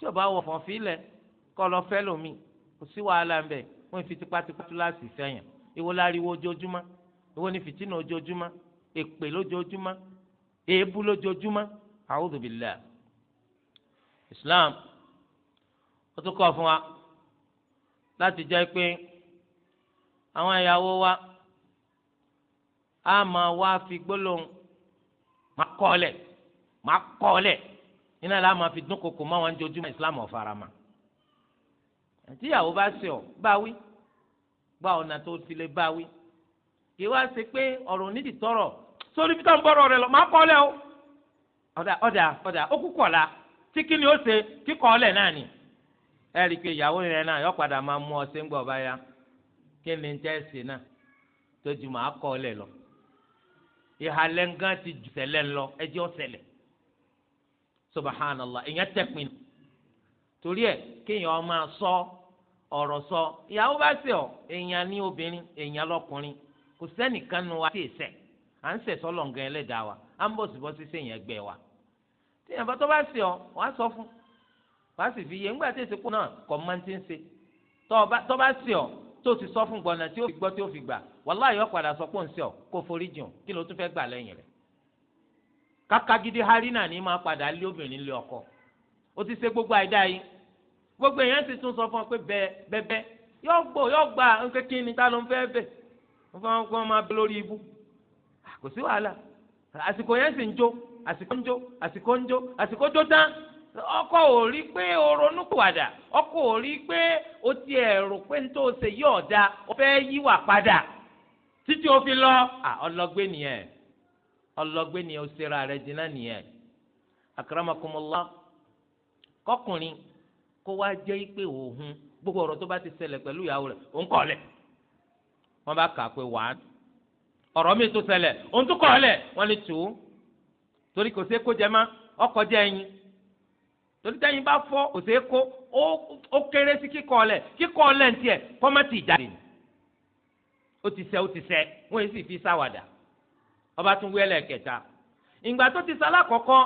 tí ó bá wọ̀ fún ọ fílẹ̀ kọ́ lọ lómi kò sí wàhálà ń bẹ wọ́n fi tipátipá túláàsì sẹ́yìn ìwọ láriwo ojoojúmọ́ ìwọ ní fìtínà ojoojúmọ́ èpè lójoojúmọ́ èébú lójoojúmọ́ a'udhu billah islam ó tún kọ́ fún wa láti jẹ́ pé àwọn ìyàwó wa á máa wá fi gbólóhùn máa kọ́ ọ lẹ̀ máa kọ́ ọ lẹ̀ nínú ẹ̀ la máa fi dún koko máa wọn jojúmọ́ islam ọ̀farama. tíyàwó bá ṣe ọ báwí gba ọ̀nà tó ti lè báwí kì í wá ṣe pé ọ̀rọ̀ onídìí tọrọ sórí bí táwọn bọ̀rọ̀ rẹ o ọ̀dà ọ̀dà ọ̀dà ó kúkọ̀ la tí kí ni ó ṣe kíkọ́ ọ̀lẹ̀ náà ni ẹ rí i pé ìyàwó rẹ náà yọ padà máa mú ọ ṣe ń gbọ̀ bá ya kí ni tẹ́ ṣe náà tó ju máa kọ́ ọ̀lẹ̀ lọ ti jù sẹ́lẹ̀ lọ ẹjẹ́ ìyẹn ọ̀rọ̀ sọ ìyàwó bá ṣe ọ èèyàn ní obìnrin èèyàn lọkùnrin kò sẹ́nìkan nu wa tí ì ṣẹ̀ à ń ṣẹ̀ sọ́lọ́ǹgàn ẹlẹ́dàá wa à ń bọ̀ síbọ̀ sí ẹgbẹ́ wa tí ìyàbọ̀ tó bá ọ wa sọ fún wàá sì fi yé ńgbà e. tí náà kọ́ máa ti ń ṣe tó bá ọ tó ti sọ fún gbọ̀nà tí ó fi gbọ́ tí ó fi gbà sọ ń ọ kó forí jìn kí ló tún fẹ́ gbà lẹ́yìn rẹ̀ kákagídí harina ní máa padà lé obìnrin lé ọkọ ó ti se gbogbo àìdá gbogbo èèyàn sì tún sọ fún ọ pé bẹ́ẹ̀ bẹ́ẹ̀ yóò gbọ́ yóò gbà nǹkan ni ta ló ń fẹ́ máa bẹ lórí ibú kò sí wàhálà àsìkò yẹn sì ń jó àsìkò ọkọ ò rí pé o ronú ọkọ ò rí pé o ti ẹ̀rù pé n tó ṣe yí o padà títí kó wá jẹ́ pé òun gbogbo ọ̀rọ̀ tó bá ti ṣẹlẹ̀ pẹ̀lú ìyàwó rẹ̀ òun kọ̀ lẹ̀ wọ́n bá kà pé wàá ọ̀rọ̀ mi tó ṣẹlẹ̀ òun tó kọ̀ lẹ̀ wọ́n lè tù ú torí kò sí kó jẹ má ọkọ̀ jẹ́ ẹyin torí tẹ́yin bá fọ́ kò sí kó ó kéré sí kíkọ̀ lẹ̀ kíkọ̀ lẹ̀ ń tiẹ̀ kọ́ má ti jáde ni ó ti ṣe ó ti ṣe wọ́n yìí sì fi sáwàdà ọba tún wí ẹlẹ́kẹta ìgbà tó ti ṣe alákọ̀ọ́kọ́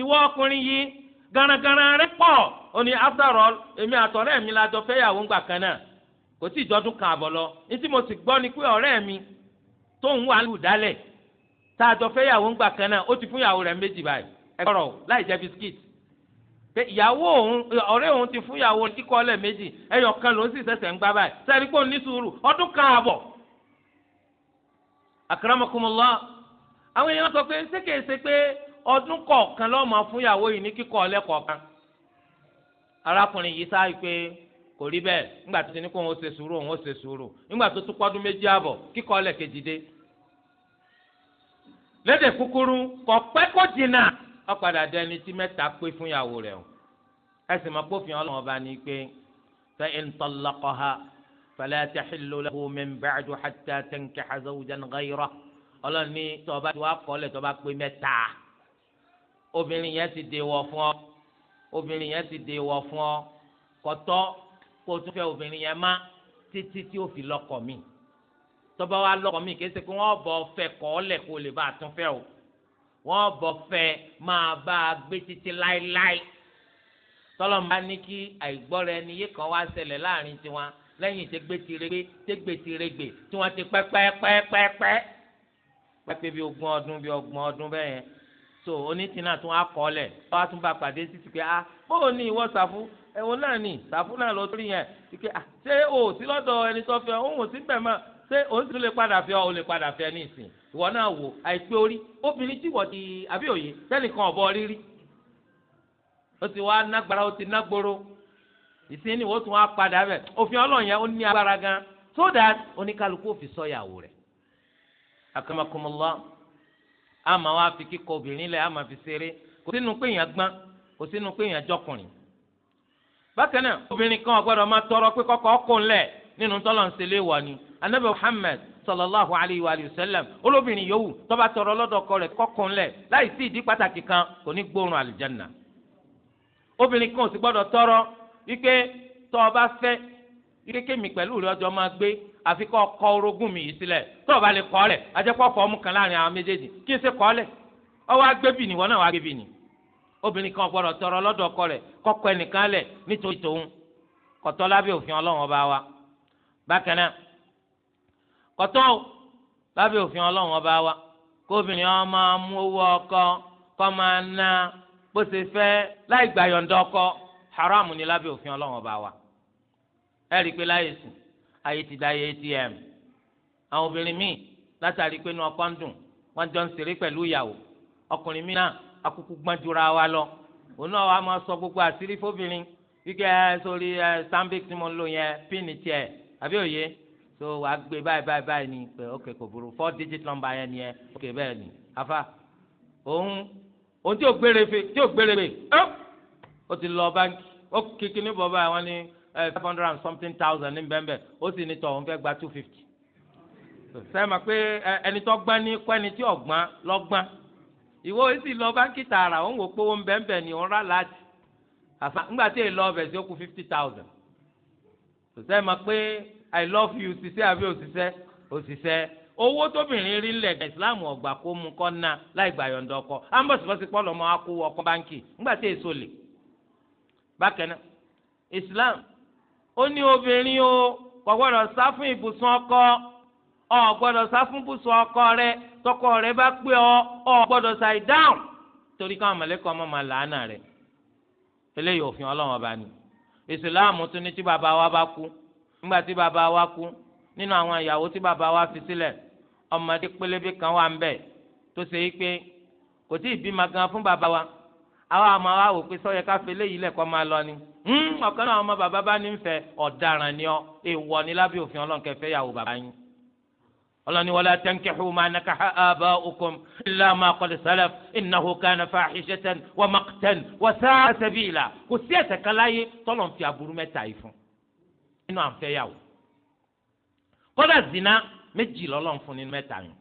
ìwọ ọkùnrin yìí garagara rẹ pọ̀ ó after all èmi àtọ̀rẹ́ mi la jọ fẹ́yàwó ńgbà kan náà kò tí ìjọdún kan lọ ní tí mo sì gbọ́ ni pé ọ̀rẹ́ mi tó ń wà lù dálẹ̀ tá a jọ fẹ́yàwó ńgbà kan náà ó ti fún ìyàwó rẹ̀ méjì báyìí ẹ̀rọ láì ti fún ìyàwó méjì ẹyọ kan ló ń sì sẹ̀sẹ̀ ń gbá báyìí sẹ́ni pé ọdún kọ̀ọ̀kan lọ́mọ fún ìyàwó yìí ní kíkọ́ ọlẹ́kọ̀ọ̀kan arákùnrin yìí sáà pé kò rí bẹ́ẹ̀ nígbà tó ti ní kó òun ó ṣe sùúrù òun ó ṣe sùúrù nígbà tó tún pọ́dún méjì ààbọ̀ kíkọ́ ọlẹ́kejì dé lédè kúkúrú kò pẹ́ kó jìnnà ó padà dẹni tí mẹ́ta pé fún rẹ̀ o ẹ sì mọ̀ ọlọ́wọ́n bá ní pé fa in tallaqaha fala tahillu lahu min ba'du obìnrin yẹn ti dèwọ̀ fún ọ obìnrin yẹn ti dèwọ̀ fún ọ kọ̀tọ́ kó o tún fẹ́ obìnrin yẹn má títí tí ó fi lọ́kọ mi tọ́ba wa lọ́kọ mi kì í ṣe pé wọ́n bọ̀ fẹ́ kọ́ ọ lẹ̀ kó o lè bá a tún fẹ́ o wọ́n bọ̀ fẹ́ máa bá a gbé títí láéláé tọ́lọ́mùbá ní kí àìgbọ́ra ẹni yé kan wá ṣẹlẹ̀ láàrin tiwọn lẹ́yìn tẹ́gbẹ́tìrẹ́gbẹ́ tẹ́gbẹ́tìrẹ́gbẹ́ tí wọ́n ti pẹ́pẹ́pẹ́pẹ́pẹ́ pẹ́pẹ́ bí ogún ọdún bí ọgbọ̀n ọdún bẹ́ẹ̀ so onítìnnà tún á kọ́ lẹ̀ wọ́n á tún bá pàdé sí ti pé ah bóò ní ìwọ sàfú ẹ̀wọ̀n náà ní sàfú náà lọ sórí yẹn ti pé ah ṣé o sí lọ́dọ̀ ẹni tó fẹ́ òun ò sí bẹ̀ mọ́ ṣé òun sì lè padà fẹ́ ọ lè padà fẹ́ ní ìsìn ìwọ náà wò àìpé orí obìnrin tí wọ́n ti àbí òye sẹ́nìkan ọ̀bọ rírí ó ti wá nágbára ó ti nágboro ìsìn ni wọ́n tún wá padà bẹ̀ òfin ọlọ́yẹn ó ní agbára gan so that oníkálukú òfin sọ́yàwó rẹ̀ akamakumullah àmọ́ wa fi kíkọ obìnrin lẹ̀ àmọ́ fi ṣeré kò sínú pé èèyàn gbọ́n kò sínú pé èèyàn jọkùnrin. bákan náà obìnrin kan ọgbọ́dọ̀ máa tọrọ pé kọ́kọ́ kún lẹ̀ nínú tọ́lọ̀ ń ṣẹlẹ̀ wọ̀ ni anabi muhammed sallallahu alayhi wa sallam olóbìnrin yòówù tó bá tọrọ lọ́dọ̀ ọkọ rẹ̀ kọ́kùn lẹ̀ láì sí ìdí pàtàkì kan kò ní gbóòórùn àlùjánnà obìnrin kan ò sì gbọ́dọ̀ tọrọ wípé tó o kíkékè mi pẹ̀lú rẹ ọjọ́ máa gbé àfi kọ́ kọ orogún mi yìí sílẹ̀ tó o bá lè kọ́ lẹ̀ ajẹ́pọ̀ fọ́ ọmú kan láàrin àwọn méjèèjì kí n ṣe kọ́ lẹ̀ ọwọ́ agbébì nìwọ náà wà agbébì nì obìnrin kan gbọ́dọ̀ tọrọ lọ́dọ̀ ọkọ rẹ̀ kọ́kọ́ ẹnìkan lẹ̀ nítorí tòun kọ̀tọ́ lábẹ́ òfin ọlọ́run ọba wa bákan náà kọ̀tọ́ lábẹ́ òfin ọlọ́run ọba wa kóbìnrin haramu ni lábẹ́ òfin ẹ rí i pé láyé sùn ayé ti da ayé atm àwọn obìnrin míì látàrí pé inú ọkọ ń dùn wọn jọ ń ṣeré pẹ̀lú ìyàwó ọkùnrin míì náà akuku gbọ́njura wa lọ òun náà wàá máa sọ gbogbo àṣírí fóbìnrin wíkẹ́ sórí stanbic tí mo ń lò yẹn píìnì tiẹ̀ àbí òye tó wàá gbé báyìí báyìí báyìí ni pé ok kò burú four digit number yẹn ni ẹ ok bẹ́ẹ̀ ni afa òun òun tí ò gbére fe tí ò gbére fe ó ti lọ báńkì ó kékeré bọ̀ báyìí wọ́n ní. Eh, five hundred and something thousand ní bẹ́ẹ̀ bẹ́ẹ̀ ó sì ní tọ̀ òun fẹ́ gba two fifty sẹ́yìn ma pé eh, ẹni tó gbọ́n ní kọ́ ẹni tí ọ̀gbọ́n lọ́gbọ́n ìwọ sì lọ báńkì tààrà òun wò pé òun bẹ́ẹ̀ bẹ́ẹ̀ ni òun rà láti àfa ńgbà tí èlò ọbẹ̀ sí ó fifty thousand ma pé i love you ṣiṣẹ́ àbí òṣìṣẹ́ òṣìṣẹ́ owó tóbìnrin rí lẹ̀ ìsìláàmù ọ̀gbà kó mu kọ́ ná láì gbà yọ̀ǹda ó ní obìnrin o kò gbọ́dọ̀ sá fún ibùsùn ọkọ ọ gbọ́dọ̀ sá fún ibùsùn ọkọ rẹ tọkọ rẹ bá pè ọ ọ gbọ́dọ̀ sàì dáhùn torí káwọn mọ̀lẹ́kọ̀ ọmọ màá làánà rẹ eléyìí òfin Ọlọ́run ọba ni ìsìláàmù tún ní tí bàbá wa bá kú nígbà tí bàbá wa kú nínú àwọn ìyàwó tí bàbá wa fi sílẹ̀ ọmọdé pélébé kan wà ń bẹ tó ṣe é pé kò tí ì bímọ gan fún bàbá wa àwa àmọ́ wa wò pé sọ́yẹ ká fi léyìí lẹ́kọ́ máa lọ ni hmm, ọ̀kan náà ọmọ bàbá bá ní ń fẹ́ ọ̀daràn ni ọ èèwọ̀ ni lábẹ́ òfin ọlọ́run kẹfẹ́ yàwó bàbá yín ọlọ́ni wala tankihu ma nakaha aba'ukum illa ma qad salaf innahu kana fahishatan wa maqtan wa sa'a sabila kò sí ẹ̀ṣẹ̀ kan láyé tọ́lọ̀ ń fi aburú mẹ́ta yìí fún nínú àǹfẹ́ yàwó kọ́dà zina méjì lọ́lọ́ fún nínú mẹ́ta yìí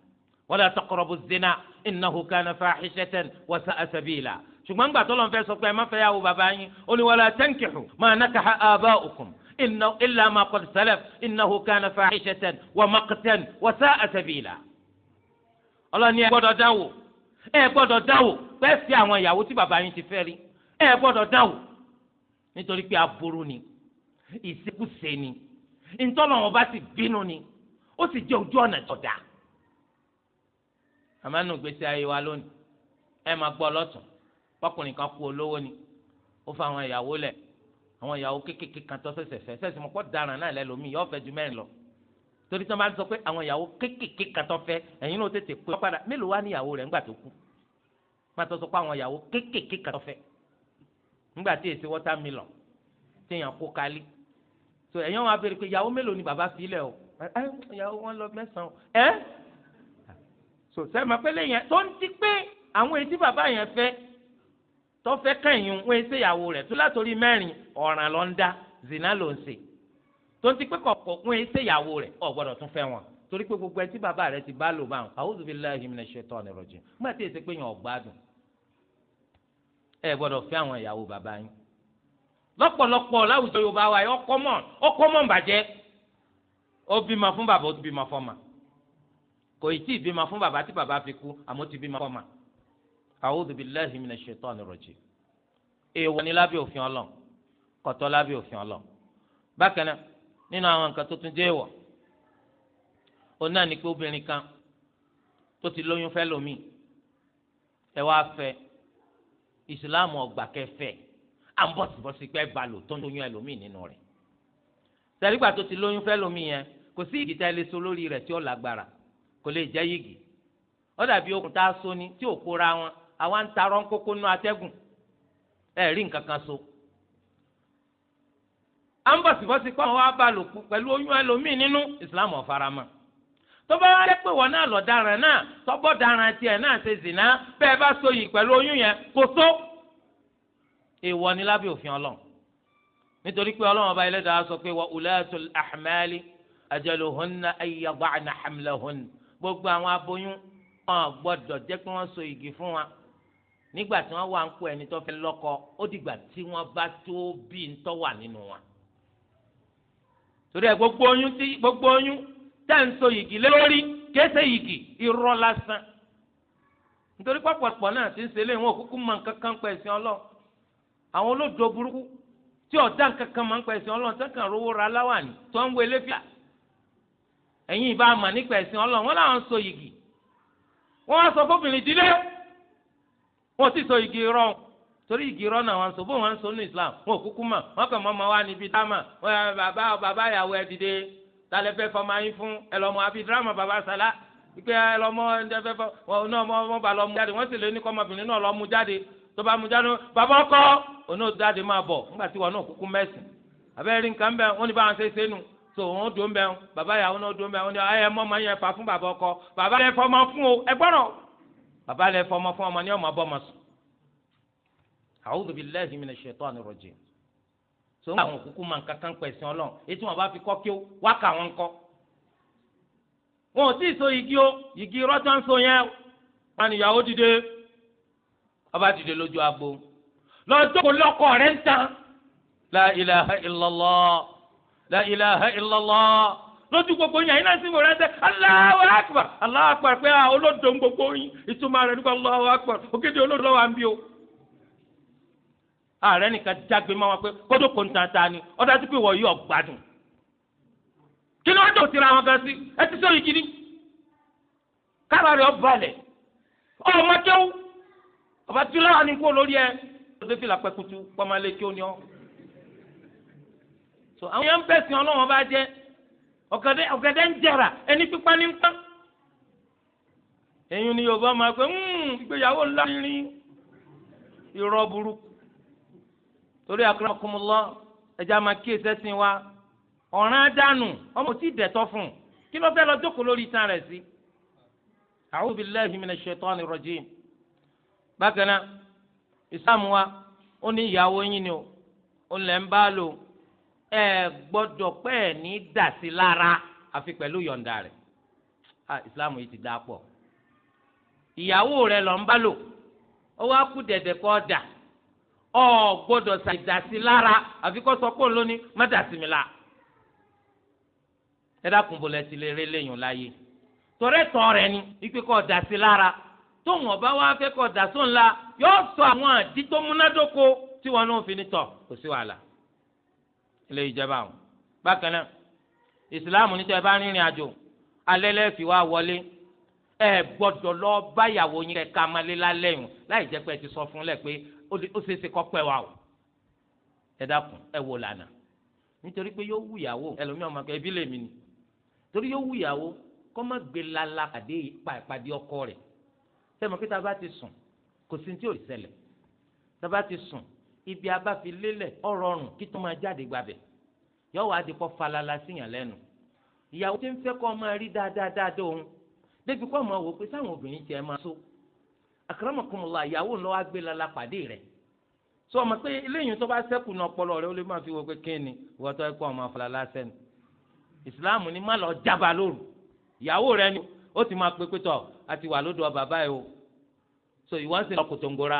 wala taqrabu zina innahu kana fahishatan wa sa'a sabila ṣùgbọ́n gbà tó lọ́n fẹ́ sọ pé ẹ má fẹ́ yàwó bàbá yín ó ní wala tankihu ma nakaha aba'ukum illa ma qad salaf innahu kana fahishatan wa maqtan wa sa'a sabila. ọlọ́ni ẹ gbọ́dọ̀ dáwò ẹ gbọ́dọ̀ dáwò pẹ́ sí àwọn ìyàwó tí bàbá yín ti fẹ́ rí ẹ gbọ́dọ̀ dáwò nítorí pé aburú ni ìṣekúṣe ni ntọ́nà wọn bá ti bínú ni ó sì jẹ́ ojú ọ̀nà tọ̀dà. àmọ́ nù ayé wa lónìí ẹ máa gbọ́ lọ́tún pọkùnrin kan kú olówó ni ó fa àwọn ìyàwó lẹ̀ àwọn ìyàwó kékèké kan tó ṣẹ̀ṣẹ̀ fẹ́ ṣẹ̀ṣẹ̀ mọ pọ daran náà lẹ lómi yọọ fẹ́ ju mẹ́rin lọ torí tí wọn bá sọ pé àwọn ìyàwó kékèké kan tó fẹ́ ẹ̀yin náà tètè pé wọn padà mélòó wá ní ìyàwó rẹ̀ ńgbà tó kú wọn tó sọ pé àwọn ìyàwó kékèké kan tó fẹ́ ńgbà tí èsì wọ́tàmílọ̀ tí èèyàn kó kálí so ẹ̀yin wọn abẹ́rẹ́ pé ìyàwó mélòó ni bàbá fi lẹ̀ o ìyàwó wọn lọ mẹ́sàn-án ẹ so sẹ́mi pẹ́lẹ́ yẹn tó ń ti pé àwọn èyí bàbá yẹn fẹ́ tọ́fẹ́ kẹ́yìn wọ́n ẹ ṣèyàwó rẹ̀ tó látòrí mẹ́rin ọ̀ràn ló ń dá zina ló ń ṣe tó ń ti pé kọ̀ọ̀kọ̀ wọ́n ẹ ṣèyàwó rẹ̀ ọ̀ gbọ́dọ̀ tún fẹ́ wọn torí pé gbogbo ẹ tí bàbá rẹ̀ ti bá lò bá wọn a'udhu billahi minash shaitani rajim má ti ṣe pé yàn ọ̀gbádùn ẹ gbọ́dọ̀ fẹ́ àwọn ìyàwó bàbá yín lọ́pọ̀lọpọ̀ láwùjọ Yorùbá wa yìí ọkọ mọ̀ ọkọ mọ̀ bàjẹ́ ó bímọ fún bàbá ó ti bímọ fọ́mọ kò ì tí ì bímọ fún bàbá tí bàbá fi kú àmọ́ ti bímọ fọ́mọ a'udhu billahi minash shaitani rajim èèwọ̀ ni lábẹ́ òfin ọlọ́ kọ̀tọ́ lábẹ́ òfin ọlọ́ bákan náà nínú àwọn nǹkan tó tún jẹ́ èèwọ̀ òun náà ni pé obìnrin kan tó ti lóyún fẹ́ lómi ẹ wá fẹ́ ìsìláàmù ọgbà kẹfẹ́ à ń bọ̀sibọ̀sì pé balò tó ń lóyún ẹlòmíì nínú rẹ̀ sẹ́rígbà tó ti lóyún fẹ́ lómi yẹn kò sí ìgì tá so lórí rẹ̀ tí ó lágbára kò lè jẹ́ yìgì ó dàbí okùn tá a so ni tí ò kóra wọn àwa ń tarọ ń kókó nú atẹ́gùn ẹ rí nǹkan kan so à ń bọ̀sibọ́sí kọ́ wa bá lò pẹ̀lú oyún ẹlòmíì nínú ìsìlámù ọ̀farama tó bá wá pé wọn náà lọ daran náà tọ́gbọ́ daran tiẹ̀ náà ṣe zìnà bẹ́ẹ̀ bá so yìí pẹ̀lú oyún yẹn kò so èèwọ̀ ni lábẹ́ òfin ọlọ́run nítorí pé ọlọ́run ọba ẹlẹ́dàá sọ pé wa ulatul ahmali ajaluhunna ay yada'na nígbà tí wọ́n wà ń kó ẹni tó fẹ́ lọ́kọ ó dìgbà tí wọ́n bá tó bí ń wà nínú wọn. torí ẹ gbogbo oyún tí gbogbo oyún tẹ́ ń so yìgì lórí kése yìgì irọ́ lásán nítorí pọ̀pọ̀pọ̀ náà ti ń ṣe àwọn olódò burúkú tí ọ̀dà máa ń pẹ̀ ra tó ń fìlà wọn sì sọ igi rọ torí igi rọ náà wọn sọ bó wọn sọ ní islam wọn ò kúkú mà wọn kàn mọ ọmọ wa níbi dáàmà wọn eh, bàbá bàbá ìyàwó ẹ dìde talẹ fẹ fọmọ ayín fún ẹlọmọ àbí dírámà bàbá sálá ìpè ẹlọmọ eh, ẹ fẹ fọ wọn náà ọmọ bá lọ mú jáde wọn sì lé ní kọmọbìnrin náà lọ mú jáde tó bá mú jáde bàbá ọkọ òun náà jáde máa bọ nígbà tí wọn náà kúkú mẹsìn àbẹ́rẹ́ nǹkan bẹ́ẹ̀ wọ́n ní bá wọn ṣe ṣe nù so wọn dùn bẹ́ẹ̀ bàbá ìyàwó náà dùn bẹ́ẹ̀ wọ́n ní eh, ẹ mọ́ máa yẹn fà fún bàbá ọkọ bàbá yẹn fọ́ máa fún o ẹ gbọ́dọ̀ bàbá lẹ fọmọ fún ọmọ ní ọmọ abọ́ ọmọ sùn a'udhu billahi minash shaitani rajim tó ń bá àwọn òkúkú máa ń kankan pẹ̀sìn ọlọ́run etí wọn bá fi kọ́ kí ó wá kà wọ́n kọ́ wọn ò tí ì so igi ó igi rọ́tọ́ ń so yẹn wọn ni ìyàwó dìde ọba dìde lójú agbo lọ́jọ́ kò lọ́kọ̀ rẹ̀ ń tán la ilaha illallah la lójú gbogbo yín àyìn náà sì ń wòrán ṣe Allahu akpa Allahu Akbar pé a ah, olódò gbogbo yín ìtumọ̀ rẹ̀ nípa Allahu akpa ògidì olódò lọ́wọ́ ń bí o. ààrẹ nìkan jágbe máa wọn pé kódó kò ń tan ta ni ọ̀dà pé wọ́n yí ọ̀gbádùn. kí ni wọ́n tó wọn sí ẹ ti sọ kára ọ. àwọn yẹn ń ọ̀gẹ̀dẹ̀ ọ̀gẹ̀dẹ̀ ń jẹrà ẹni pípa ní pọ́n. ẹ̀yin ni yorùbá máa pé hmm, ìgbéyàwó ńlá rí irọ́ burúkú torí akramakumullah ẹja máa kí ẹsẹ̀ sí wa ọ̀ràn àdánù ọmọ tí ì dẹ̀tọ́ fún un kí ló fẹ́ lọ jókòó lórí itan rẹ̀ sí. a'udhu billahi minash shaitani rajim bákan náà ìsàmù wa ó ní ìyàwó yín ni ó ń lẹ́ ń bá lò ó ẹ gbọ́dọ̀ pé ẹ ní dàsí lára àfi pẹ̀lú yọ̀ǹda rẹ̀ islam yìí ti dá pọ̀ ìyàwó rẹ̀ lọ ń bá lò ó wá kú dẹ̀dẹ̀ kọ́ dà ọ gbọ́dọ̀ ṣàìdásí lára àfi kọ́ sọ pé òun lóní má dàsí mi la ẹ dákun bò lẹ ti lè rí lẹ́yìn láàyè tọ̀rẹ́ tọ̀ ni ipe kọ dàsí lara tóun ọba wa fẹ́ kọ́ dàsó ńlá yóò sọ àwọn àdí tó múnádóko tí wọn náà fi ní tọ̀ kò sí wàhálà. ilé ìjọba àwọn. bákan náà ìsìláàmù níta ẹ bá rìnrìn àjò alẹ́ lẹ́ẹ̀fì wá wọlé ẹ gbọ́dọ̀ lọ báyàwó yín kẹ́ka amalé lálẹ́ yìí láì jẹ́ pé ẹ ti sọ fún lẹ̀ pé ó ṣeé ṣe kọ́ pẹ́ wa o ẹ dákun ẹ wò lànà nítorí pé yóò wúyàwó ẹlòmíì ọmọ akẹ́ ẹbí lèmi ni torí yóò wúyàwó kọ́ má gbé lala pàdé ìpàdé ọkọ rẹ̀ sẹ́mi pé tá a bá ti sùn kò sí ní tí ò ṣẹlẹ̀ tá a bá ti ibi abáfi lélẹ̀ ọ̀rọ̀rùn kí tó máa jáde gbàbẹ̀ yọ wá di kọ́ falala síyàn lẹ́nu ìyàwó tí ń fẹ́ kọ́ máa rí dáadáa dáadáa òun débi kọ́ máa wò pé sáwọn obìnrin tiẹ̀ máa so àkàràmọ̀kùnmọ̀lá ìyàwó ńlọ wá gbé lala pàdé rẹ̀ sọ ma pé eléyìí tó bá sẹ́kù ní ọpọlọ rẹ̀ ó lè máa fi wò pé kéènì ìwọ tó ẹ kọ́ ọmọ falala sẹ́nu ìsìláàmù ni má lọ jábàá lóru ìyàwó rẹ ni ó ti máa pé àti wà lódò bàbá yìí o so ìwọ́n sì lọ kòtòǹgòrà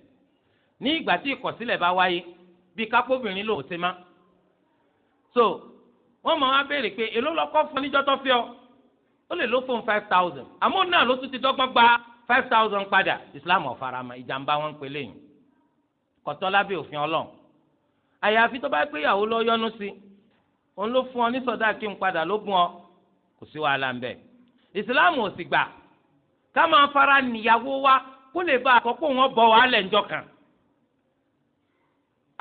ní ìgbà tí ìkọ̀sílẹ̀ bá wáyé bí kápóbìnrin lòún ti má so wọ́n máa wá béèrè pé èló lọ́kọ́ fún níjọ́ tó fi ọ ó lè ló fún five thousand àmọ́ náà ló tún ti dọ́gbọ́n gba five thousand padà islam ọ̀farama ìjàmbá wọn ń pè lẹ́yìn kọ̀tọ́ lábẹ́ òfin ọlọ́run àyàfi tó bá pé ìyàwó lọ yọnu sí òun ló fún ọ ní sọdá kí n padà ló bùn ọ kò sí wàhálà ń bẹ islam ò sì gbà ká máa fara níyàwó wa kó lè bá àkọ́kọ́ wọn bọ̀ wàhálẹ̀ ńjọ́ kan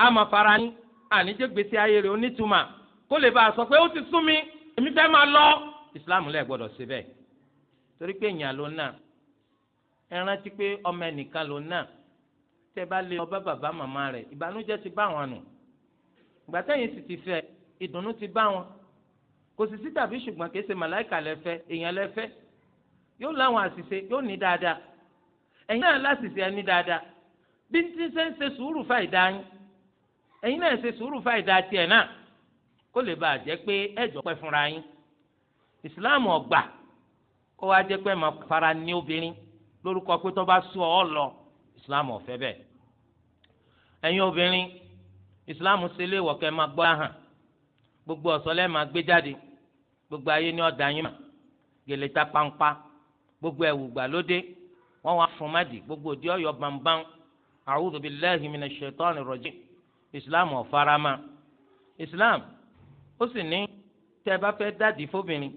àmọ́ fara ní àníjẹ́ gbèsè ayé rẹ̀ onítùmọ̀ kó lè bá a sọ pé ó ti sún mi èmi fẹ́ máa lọ ìsìláàmù lẹ̀ gbọ́dọ̀ ṣe bẹ́ẹ̀ torí pé èèyàn ló náà ẹ rántí pé ọmọ ẹnìkan ló náà tẹ bá lé ọba bàbá màmá rẹ̀ ìbànújẹ́ ti bá wọn nù ìgbà tẹ́yìn sì ti fẹ́ ìdùnnú ti bá wọn kò sì sí tàbí ṣùgbọ́n kìí ṣe màláìkà lẹ́fẹ́ èèyàn lẹ́fẹ́ yóò láwọn àṣìṣe yóò ní dáadáa ẹ̀yin náà láṣìṣe ẹni dáadáa bí ti ṣe ń ṣe sùúrù fáìdá yín ẹ̀yin na ṣe sùúrù fáìdá tiẹ̀ náà kó lè bàa jẹ́ pé ẹ̀jọ̀ pẹ́ fúnra yín ìsìláàmù ọ̀gbà kó wá jẹ́ pé máa fara ní obìnrin lórúkọ pé tó bá sọ ọ lọ ìsìláàmù ọ̀fẹ́ bẹ́ẹ̀ ẹ̀yin obìnrin ìsìláàmù ṣe lé máa gbọ́ hàn: gbogbo ọ̀sọ́lẹ̀ máa gbé jáde gbogbo ayé ní ọ̀dà yín mà gèlè ta pampa gbogbo ẹ̀wù gbàlódé wọ́n wá fún gbogbo òdi islam ọ̀farama islam ó sì ní tẹ́ ẹ bá fẹ́ dádì fóbìnrin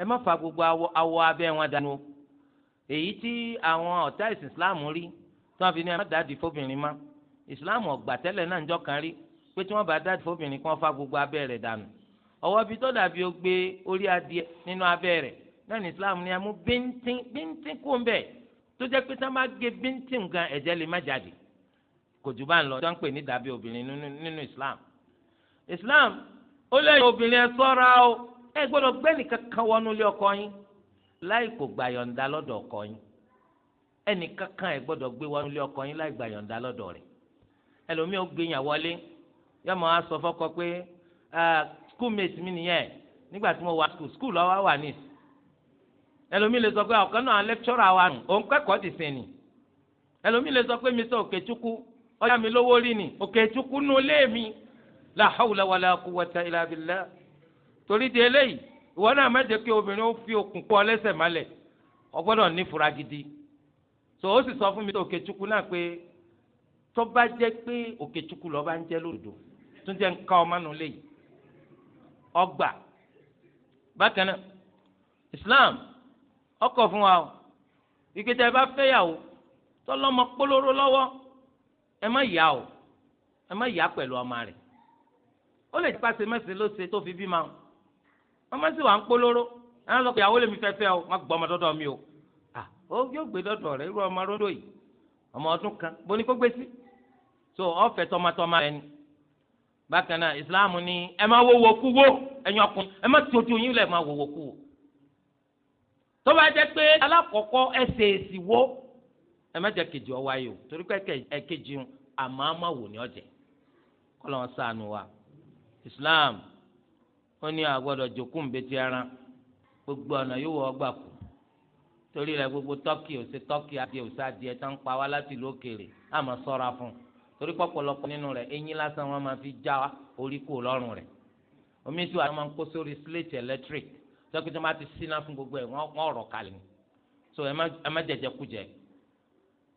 ẹ má fa gbogbo awọ awọ abẹ́ wọn dànù o èyí tí àwọn ọ̀tá ìsìn islam rí tí wọ́n fi ní ẹ má dádì fóbìnrin má islam ọ̀gbà tẹ́lẹ̀ náà ń jọ́ kan rí pé tí wọ́n bá dádì fóbìnrin kí wọ́n fa gbogbo abẹ́ rẹ̀ dànù ọwọ́ bí tó dàbí o gbé orí adìẹ nínú abẹ́ rẹ̀ náà ní islam ní ẹ mú bíntín bíntín kó ń bẹ̀ tó jẹ́ pé tá gé bíntín gan ẹ̀jẹ̀ lè má jáde kò jù bá ń lọ tí wọ́n ń ní dàbí obìnrin nínú islam islam ó lẹ́yìn obìnrin ẹ sọ́ra o ẹ gbọ́dọ̀ gbẹ́nìkan kan wọnú ilé ọkọ yín láì kò gbà yọ̀ǹda lọ́dọ̀ ọkọ yín ẹnìkan kan ẹ gbọ́dọ̀ gbé wọnú ilé ọkọ yín láì gbà yọ̀ǹda lọ́dọ̀ rẹ̀ ẹlòmíì ó gbé yàn wọlé yọ mọ asọ fọkọ pé schoolmate mi nìyẹn nígbà tí mo wà school school lọ wá wà ní ìsìn ẹlòmíì lè sọ pé ọ̀kan náà lecturer wa nù òun kẹ́kọ̀ọ́ ti sìn ni ẹlòmíì lè sọ ọjà mi lówó rí ni òkè ìtukú nù lé mi la hawla wala quwwata illa billah torí di eléyìí ìwọ náà má jẹ́ kí obìnrin ó fi okùn pọ̀ lẹ́sẹ̀ mọ́lẹ̀ ó gbọ́dọ̀ ní fura gidi so ó sì sọ fún mi òkè ìtukú náà pé tó bá jẹ́ pé òkè ìtukú lọ bá ń jẹ́ lòdò tó ń jẹ́ nǹkan ọmọ nù lé yìí ọgbà bákan náà Islam ọkọ̀ fún wa o ìgbésẹ̀ bá fẹ́yàwó tọ́lọ́mọ polówó lọ́wọ́ ẹ má yà o ẹ má yà pẹ̀lú ọmọ rẹ̀ ó lè tipa ṣe mẹ́sìn ló ṣe tó fi bí ma o ọmọ sì wà ń polóró ẹ lọ́kọ̀ ìyàwó lèmi fẹ́fẹ́ o má gbọ́ ọmọ dọ́dọ̀ mi o à ó yóò gbé dọ́dọ̀ rẹ̀ irú ọmọ ròdò yìí ọmọ ọdún kan bó ni kó gbé sí so ọ̀fẹ́ tọmatọma rẹ ni bákan náà ìsìláàmù ni ẹ má wo wokú wo ẹ̀yin ọkùnrin ẹ má ti ojú yín lẹ̀ má wo wokú wo tó bá jẹ́ pé alákọ̀ọ́kọ́ ẹ ṣèèṣì wo ẹ má jẹ́ kejì ọwọ ayò torí pé ẹkejì àmọ́ àmọ́ wò ní ọ̀jẹ̀ kọ́lọ́ wọn sànù wa Islam ó ní àgbọ̀dọ̀ jòkó ń betí ara gbogbo ọ̀nà yóò wọ ọgbà kù torí rẹ gbogbo tọ́kì òsè tọ́kì adìẹ òsè adìẹ tó ń pa wá láti ìlú òkèèrè àmọ́ sọ́ra fún torí pọ̀pọ̀lọpọ̀ nínú rẹ̀ eyín lásán wọn máa fi já orí kù lọ́rùn rẹ̀ omi tí wàá máa ń kó sórí slate electric tọ́kì tó máa ti síná fún gbogbo ẹ̀ wọ́n ọ̀rọ̀ kalẹ̀ so ẹ má jẹjẹ kú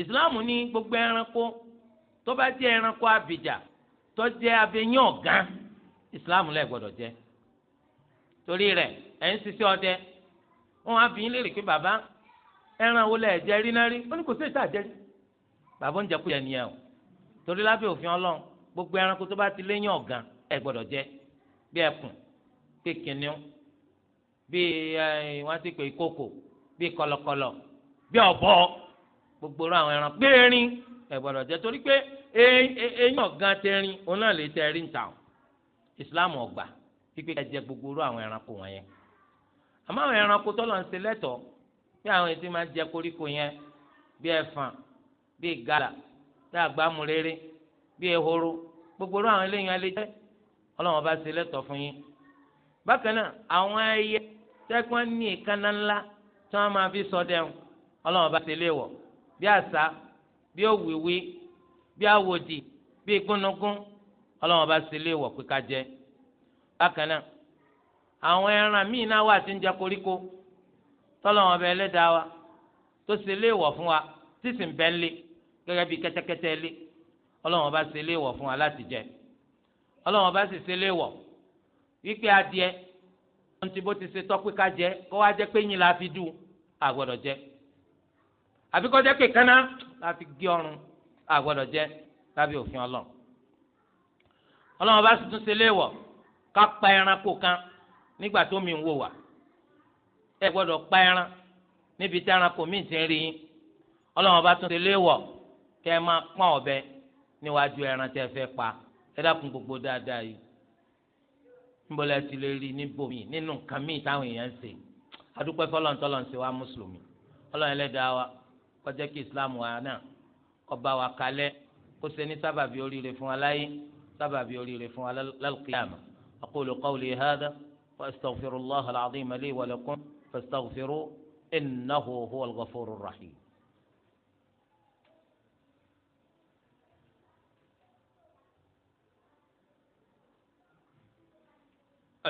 ìsìláàmù ní gbogbo ẹranko tó bá jẹ́ ẹranko abìjà tó jẹ́ abẹ́yìn ọ̀gán ìsìláàmù lẹ gbọ́dọ̀ jẹ torí rẹ̀ ẹ̀ ń ṣiṣẹ́ ọdẹ wọn á fi yín lérè pé bàbá ẹran wo lẹ jẹ rí náà rí ó ní kò sí ìta jẹ rí bàbá oúnjẹ kú yẹn nìyẹn o torí lábẹ́ òfin Ọlọ́run gbogbo ẹranko tó bá ti léyìn ọ̀gán ẹ gbọ́dọ̀ jẹ bí ẹkùn bí kìnìún bí ẹ wọn ti pè kókò bí kọ̀lọ̀kọ̀lọ̀ bí ọ̀bọ gbogbo àwọn ẹran gbẹrin ẹgbọdọ jẹ torí pé eyín ọgán tẹrin òun lè tẹrin ta islam ọgbà pípé ká jẹ gbogbo àwọn ẹranko wọn àmọ́ àwọn ẹranko tọ́lọ̀ ń ṣe lẹ́tọ̀ọ́ bí àwọn ètò máa jẹ koríko yẹn bí ẹfọn bí gàlà bí àgbàmúrere bí ehoro gbogbo àwọn Ọlọ́run ṣe lẹ́tọ̀ọ́ fún yín bákan náà àwọn ẹyẹ ní ìkànnà ńlá tí wọ́n máa bí àṣà bí òwìwí bí àwòdì bí ìgbónugún ọlọ́wọ́n bá ṣe lé wọ̀ pé ká jẹ bákan náà àwọn ẹran míì náà wà tí ń jẹ koríko tọ́lọ́wọ́n bẹ ẹlẹ́dàá wa tó ṣe lé wọ̀ fún wa tí sì ń bẹ́ lé gẹ́gẹ́ bí kẹ́tẹ́kẹ́tẹ́ lé ọlọ́wọ́n bá ṣe lé wọ̀ fún wa láti jẹ ọlọ́wọ́n bá sì ṣe lé wọ̀ wípé adìẹ ohun tí bó ti ṣe tọ́ pé jẹ kó wá jẹ pé yín la fi dùn àgbọ̀dọ̀ jẹ àbí kọjá pé kánná láti gé ọrùn àgbọ́dọ̀ jẹ lábẹ́ òfin Ọlọ́run Ọlọ́run bá tuntun ṣe léèwọ̀ ká pa ẹranko kan nígbà tó mi ń wò wá ẹ gbọ́dọ̀ pa ẹran níbi tí ẹranko mi ti ń rí yín Ọlọ́run bá tuntun ṣe léèwọ̀ kẹ́ ẹ máa pọ́n ọ̀bẹ níwájú ẹran tẹ́ fẹ́ pa ẹ dákun gbogbo dáadáa yìí níbo la ti lè rí níbòmí nínú nǹkan míì táwọn èèyàn ń ṣe adúpẹ́ fọlọ́ntọ́lọ́ ń ṣe wá mùsùlùmí Ọlọ́run ẹlẹ́dàá wa kọjá kí islam wa náà kó wa kalẹ̀ kó sẹni ní sábàbí oríire fún aláyé láyé sábàbí oríire fún wa akólo aqulu hada wa astaghfirullah al-azim li wa lakum fastaghfiru innahu huwa al-ghafuru rahim.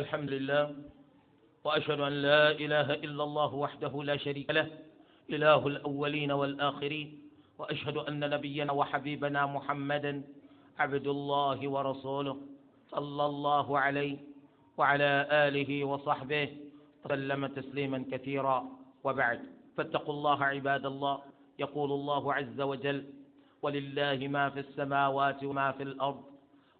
الحمد لله واشهد ان لا اله الا الله وحده لا شريك له إله الأولين والآخرين وأشهد أن نبينا وحبيبنا محمدا عبد الله ورسوله صلى الله عليه وعلى آله وصحبه وسلم تسليما كثيرا وبعد فاتقوا الله عباد الله يقول الله عز وجل ولله ما في السماوات وما في الأرض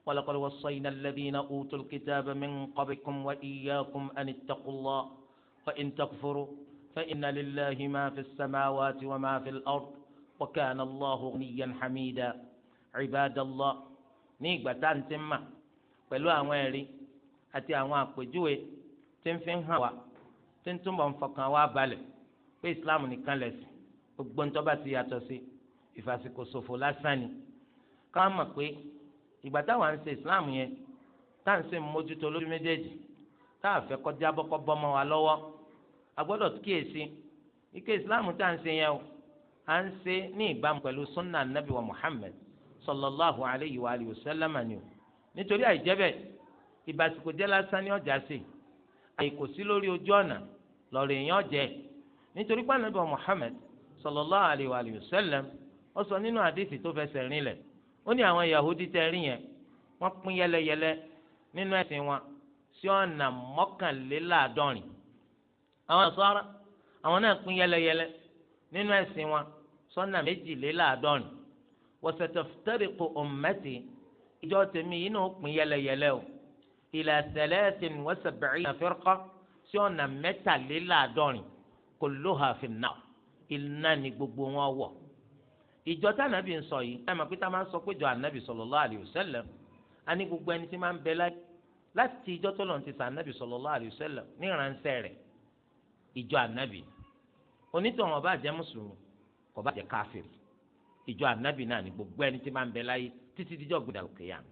ولقد وصينا الذين أوتوا الكتاب من قبلكم وإياكم أن اتقوا الله وإن تكفروا فإن لله ما في السماوات وما في الأرض وكان الله غنيا حميدا عباد الله ní ìgbà tá à ń ti mà pẹ̀lú àwọn ẹ̀rí àti àwọn àpèjúwe tí ń fi hàn wá tí ń túnbọ̀ ń fọkàn wá balẹ̀ pé Islam nìkan lẹ̀sìn gbogbo ń tọ́ba ti yàtọ̀ sí ìfàsìkò ṣòfò lásán ni ká mọ̀ pé ìgbà táwa ń ṣe Islam yẹn tá à ń ṣe mójútó lórí méjèèjì tá à fẹ́ kọjá bọ́kọ́ bọ́mọ wa lọ́wọ́ agbọ́dọ̀ kíyèsí ike ìsìláàmù tá à ń ṣe yẹn o à ń ṣe ní ìbámu pẹ̀lú sunna nabi wa muhammed sallallahu alayhi wa alihi wa sallam ni o nítorí àìjẹ́bẹ̀ ìbásíkò jẹ́ lásán ní ọjà sí àìkò sí lórí ojú ọ̀nà lọ́rọ̀ èèyàn jẹ́ nítorí pé nabi wa muhammed sallallahu alayhi wa alihi wa sallam ó sọ nínú àdìsí tó fẹsẹ̀ rinlẹ̀ ó ní àwọn yahudi tẹ́ rí yẹn wọ́n pín yẹlẹyẹlẹ nínú ẹ̀sìn wọn sí ọ̀nà mọ́kànléláàádọ́rin àwọn nasara àwọn náà pín yẹlẹyẹlẹ nínú ẹ̀sìn wọn sọ́nà méjìléláàádọ́rin wọ́sẹ̀tẹ̀fẹ́tẹ̀rìkù ummati ìjọ tèmi yìí náà pín yẹlẹyẹlẹ o ila salatin wa sab'ina firqa sí ọ̀nà mẹ́tàléláàádọ́rin kulluha fin-nar iná ni gbogbo wọn wọ̀ ìjọ tá ànábì ń sọ yìí ẹ mọ̀ pé tá a máa ń sọ pé ìjọ ànábì sallallahu alayhi wa sallam a ní gbogbo ẹni tí máa ń bẹ láti ìjọ tó lọ́n ti sàn ànábì sallallahu alayhi wa sallam ní ìjọ ànábì onítọ̀hún ọba jẹ́ mùsùlùmí kò bá jẹ́ káfíìrì ìjọ ànábì náà ni gbogbo ẹni tí máa ń bẹ láyé títí díjọ́ gbọdọ̀ kéèyàn.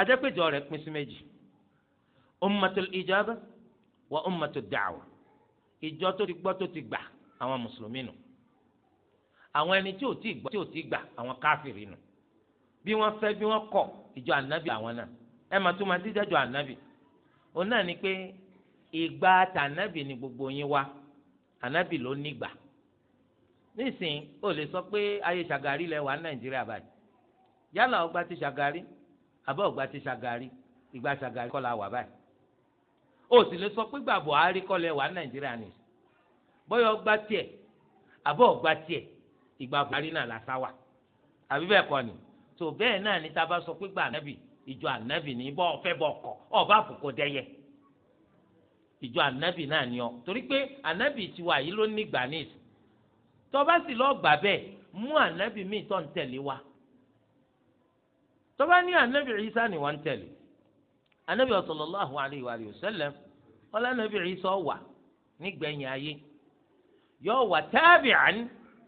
ajẹ́pẹ̀jọ rẹ̀ pín sí méjì ummatul ijaba wa ummatud da'wa ìjọ tó ti gbọ́ tó ti gbà àwọn mùsùlùmí nù àwọn ẹni tí ò tí gbọ́ tí ò tí gbà àwọn káfíìrì nù bí wọ́n fẹ́ bí wọ́n kọ̀ ìjọ ànábì àwọn náà ẹ ìgbà tànàbì ni gbogbo yín wá tànàbì ló nígbà nísìnyí o lè sọ pé ayé ṣàgàrí lẹ wà ní nàìjíríà báyìí yálà ọgbà ti ṣàgàrí àbọ̀ ọgbà ti ṣàgàrí ìgbà ṣàgàrí kọ́ wà báyìí o sì lè sọ pé gbà buhari kọ́ lẹ wà ní nàìjíríà nìyí bọ́yọ̀ ọgbà tiẹ̀ àbọ̀ ọgbà tiẹ̀ ìgbà buhari náà la sá wà àbí bẹ́ẹ̀ kọ́ ni tó bẹ́ẹ̀ náà ni tá a bá sọ pé gbà ànábì ìjọ ànábì ní bọ́ ọ fẹ́ bọ́ ọkọ̀ ọ ìjọ ànábì náà ni ọ torí pé ànábì tiwa yìí ló ní ìgbà ní ìsìn tọba sì lọ gbà bẹ́ẹ̀ mú ànábì míì tó ń tẹ̀lé wa tọba ní ànábì Ìsá ni wọ́n ń tẹ̀lé ànábì sallallahu alayhi wa sallam ọlá ànábì Ìsá wà nígbẹ̀yìn ayé yóò wà tabi'an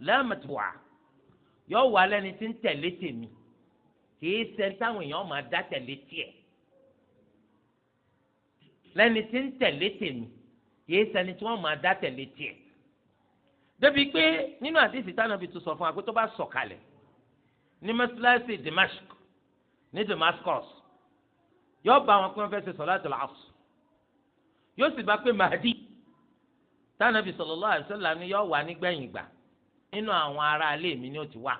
la matbu'a yóò wà lẹ́ni tí ń tẹ̀lé tèmi kì í ṣe táwọn máa dá tẹ̀lé tiẹ̀ lẹ́ni tí ń tẹ̀lé tèmi yéé sẹni tí wọ́n máa dá tẹ̀lé tiẹ̀ débi pé nínú àdìsí tánàbí tó sọ fún wa pé tó bá sọ̀kalẹ̀ ní mọ́sálásí Dimashq ní Damascus yóò bá wọn pé wọ́n fẹ́ ṣe sọ̀láàtì làásù yóò sì bá pé Mahdi tánàbí sallallahu alaihi wasallam ni yóò wà nígbẹ̀yìn gbà nínú àwọn ará ilé mi ni ó ti wá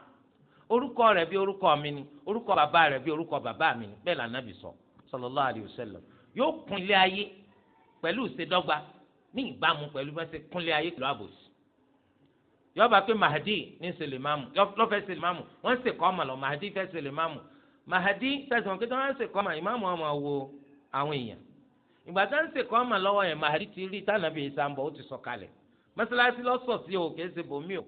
orúkọ rẹ̀ bí orúkọ mi ni orúkọ bàbá rẹ̀ bí orúkọ bàbá mi ni bẹ́ẹ̀ lànàbì sọ sallallahu alaihi yóò kún ilé ayé pẹ̀lú ìṣèdọ́gba ní ìbámu pẹ̀lú bá ṣe kún ilé ayé pẹ̀lú àbòsí yọba pé mahadi ní sèlémàmù lọfẹ sèlémàmù wọn ń sèkọ ọmọ lọ mahadi fẹ́ sèlémàmù mahadi fẹsẹ̀ wọn kí wọn ń sèkọ ọmọ ìmáàmù ọmọ wo àwọn èèyàn ìgbà tá ń sèkọ ọmọ lọ́wọ́ yẹn mahadi ti rí tànàbí ìsàmbọ ó ti sọ kalẹ̀ mọ́sálásí lọsọ sí o kìí ṣe bòmí o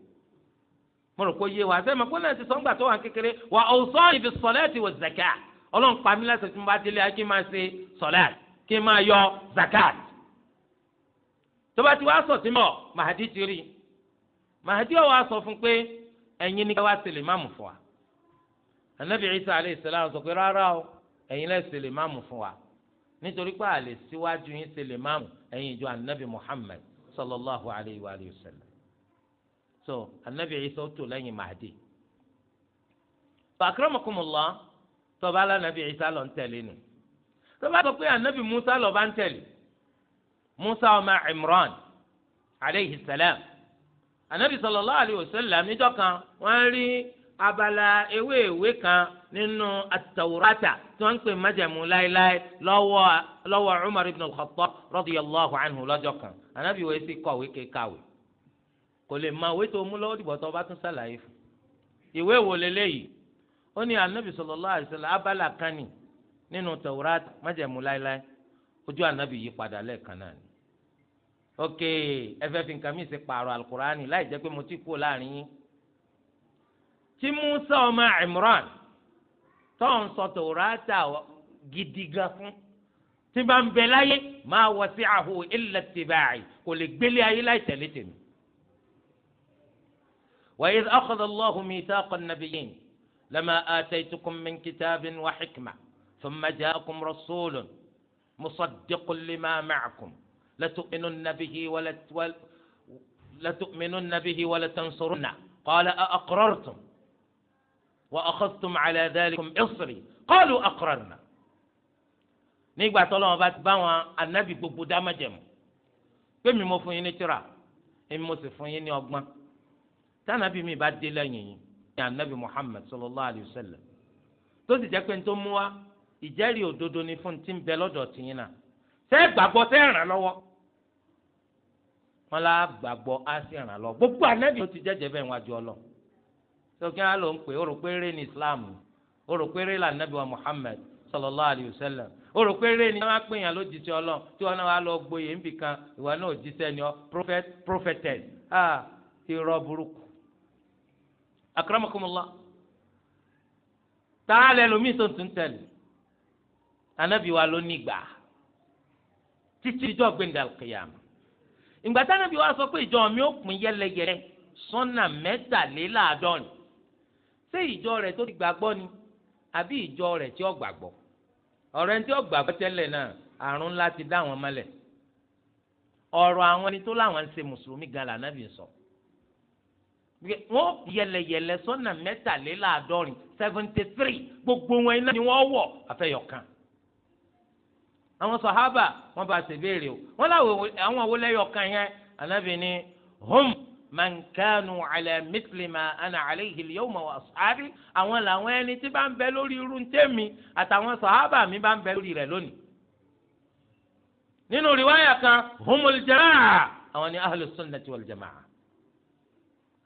mo rò pé yé wa sẹ́mi kó náà ti sọ ńgbà tó wà kékeré wà ọ̀sán ibi sọ̀lẹ́ẹ̀tì wà zakat ọlọ́run pa mí lásìkò tí mo bá délé ayé kí n máa ṣe sọ̀láàt kí n máa yọ zakat tó bá ti wá sọ sí mọ́ màhàdí ti rí màhàdí ọ̀ wá sọ fún pé ẹ̀yin ni ká wá ṣe lè má mú fún wa anabi isa alayhi salam sọ pé rárá o ẹ̀yin lẹ́ ṣe má mú fún wa nítorí pé àlè síwájú yín ṣe má mú ẹ̀yin ìjọ anabi muhammad sallallahu alayhi wa sallam so anabi isa ó tò lẹ́yìn màhàdí. fa akramakumullah tọba alánàbì Ìsá lọ ń tẹ̀lé ni tọba sọ pé ànábì Musa lọ bá ń tẹ̀lé Musa ọmọ Imran aleyhi salam ànábì sallallahu alayhi wa sallam níjọ́ kan wọ́n rí abala ewé ìwé kan nínú atawurata tí wọ́n ń pè májẹ̀mú láéláé lọ́wọ́ lọ́wọ́ Umar ibn al-Khattab radiyallahu anhu lọ́jọ́ kan ànábì wo esi kọ̀wé kékawé kò lè máa wé tó mú lọ́wọ́ dìbò tó bá tún sàlàyé fún ìwé wo lélẹ́yìí ó ní anabi sallallahu alaihi wasallam abala kan ni nínú tawrat májẹ̀mú láéláé ojú anabi yí padà lẹ́ẹ̀kan náà ni ok ẹfẹ fi nǹkan mi ṣe pààrọ̀ alukurani láì jẹ́ pé mo ti kú láàrin yín tí musa ọmọ imran tó ń sọ tòwúrátà gidi gan fún tí bá ń bẹ láyé máa wọ sí àhó ilẹ̀ tìbáyì kò lè gbélé ayé láì tẹ̀lé tèmi. wa idh akhadha Allahu mithaqa an لما آتيتكم من كتاب وحكمة ثم جاءكم رسول مصدق لما معكم لتؤمنن به ولت لتؤمنن به ولتنصرنه قال أأقررتم وأخذتم على ذلكم إصري قالوا أقررنا نيجي بعد lọ́wọ́ بعد بعوا النبي wọn anábì كم dámájẹ̀mú pé mi mo fún yín ní tíra ní anabi muhammed sallallahu alayhi wa sallam tó sì jẹ́ pé ní tó mú wa ìjẹ́rìí òdodo ni fún ti ń bẹ lọ́dọ̀ tìyín náà ṣé gbàgbọ́ ṣé ràn lọ́wọ́ wọn la gbàgbọ́ á sì ràn lọ́wọ́ gbogbo anabi ló ti jẹ́jẹ́ bẹ́ẹ̀ wájú ọ lọ á ló ń pè ní islam là anabi wa muhammed sallallahu alayhi wa akramakumullah tààrà lẹ lómi tó tún tẹ̀lé anabi wa ló nígbà títí ìjọ gbẹndàl kìyàm ìgbà tí anabi wa sọ pé ìjọ mi ò pín yẹlẹyẹlẹ sọ́nà mẹ́tàléláàádọ́rin ṣé ìjọ rẹ̀ tó ti gbàgbọ́ ni àbí ìjọ rẹ̀ tí ó gbàgbọ́ ọ̀rọ̀ ẹni tí ó gbàgbọ́ tẹ́lẹ̀ náà àrùn ńlá ti dá wọn mọ́lẹ̀ ọ̀rọ̀ àwọn ẹni tó láwọn ń gan lànà bí sọ wọ́n yẹlẹyẹlẹ sọ́nà mẹ́tàléláàádọ́rin seventy three gbogbo wọn iná ni wọ́n wọ̀ àfẹyọ̀kan àwọn sọ̀hábà wọ́n bá ṣe béèrè o wọ́n láwọn àwọn wo lẹ́yọ̀kan yẹn anábì ni hum man kanu ala mitli ma ana alayhi al-yawma wa ashabi àwọn làwọn ẹni tí bá ń bẹ lórí irú tèmi àtàwọn sọ̀hábà mi bá ń bẹ lórí rẹ̀ lónìí nínú rìwáyà kan humul àwọn ni ahlus sunnati wal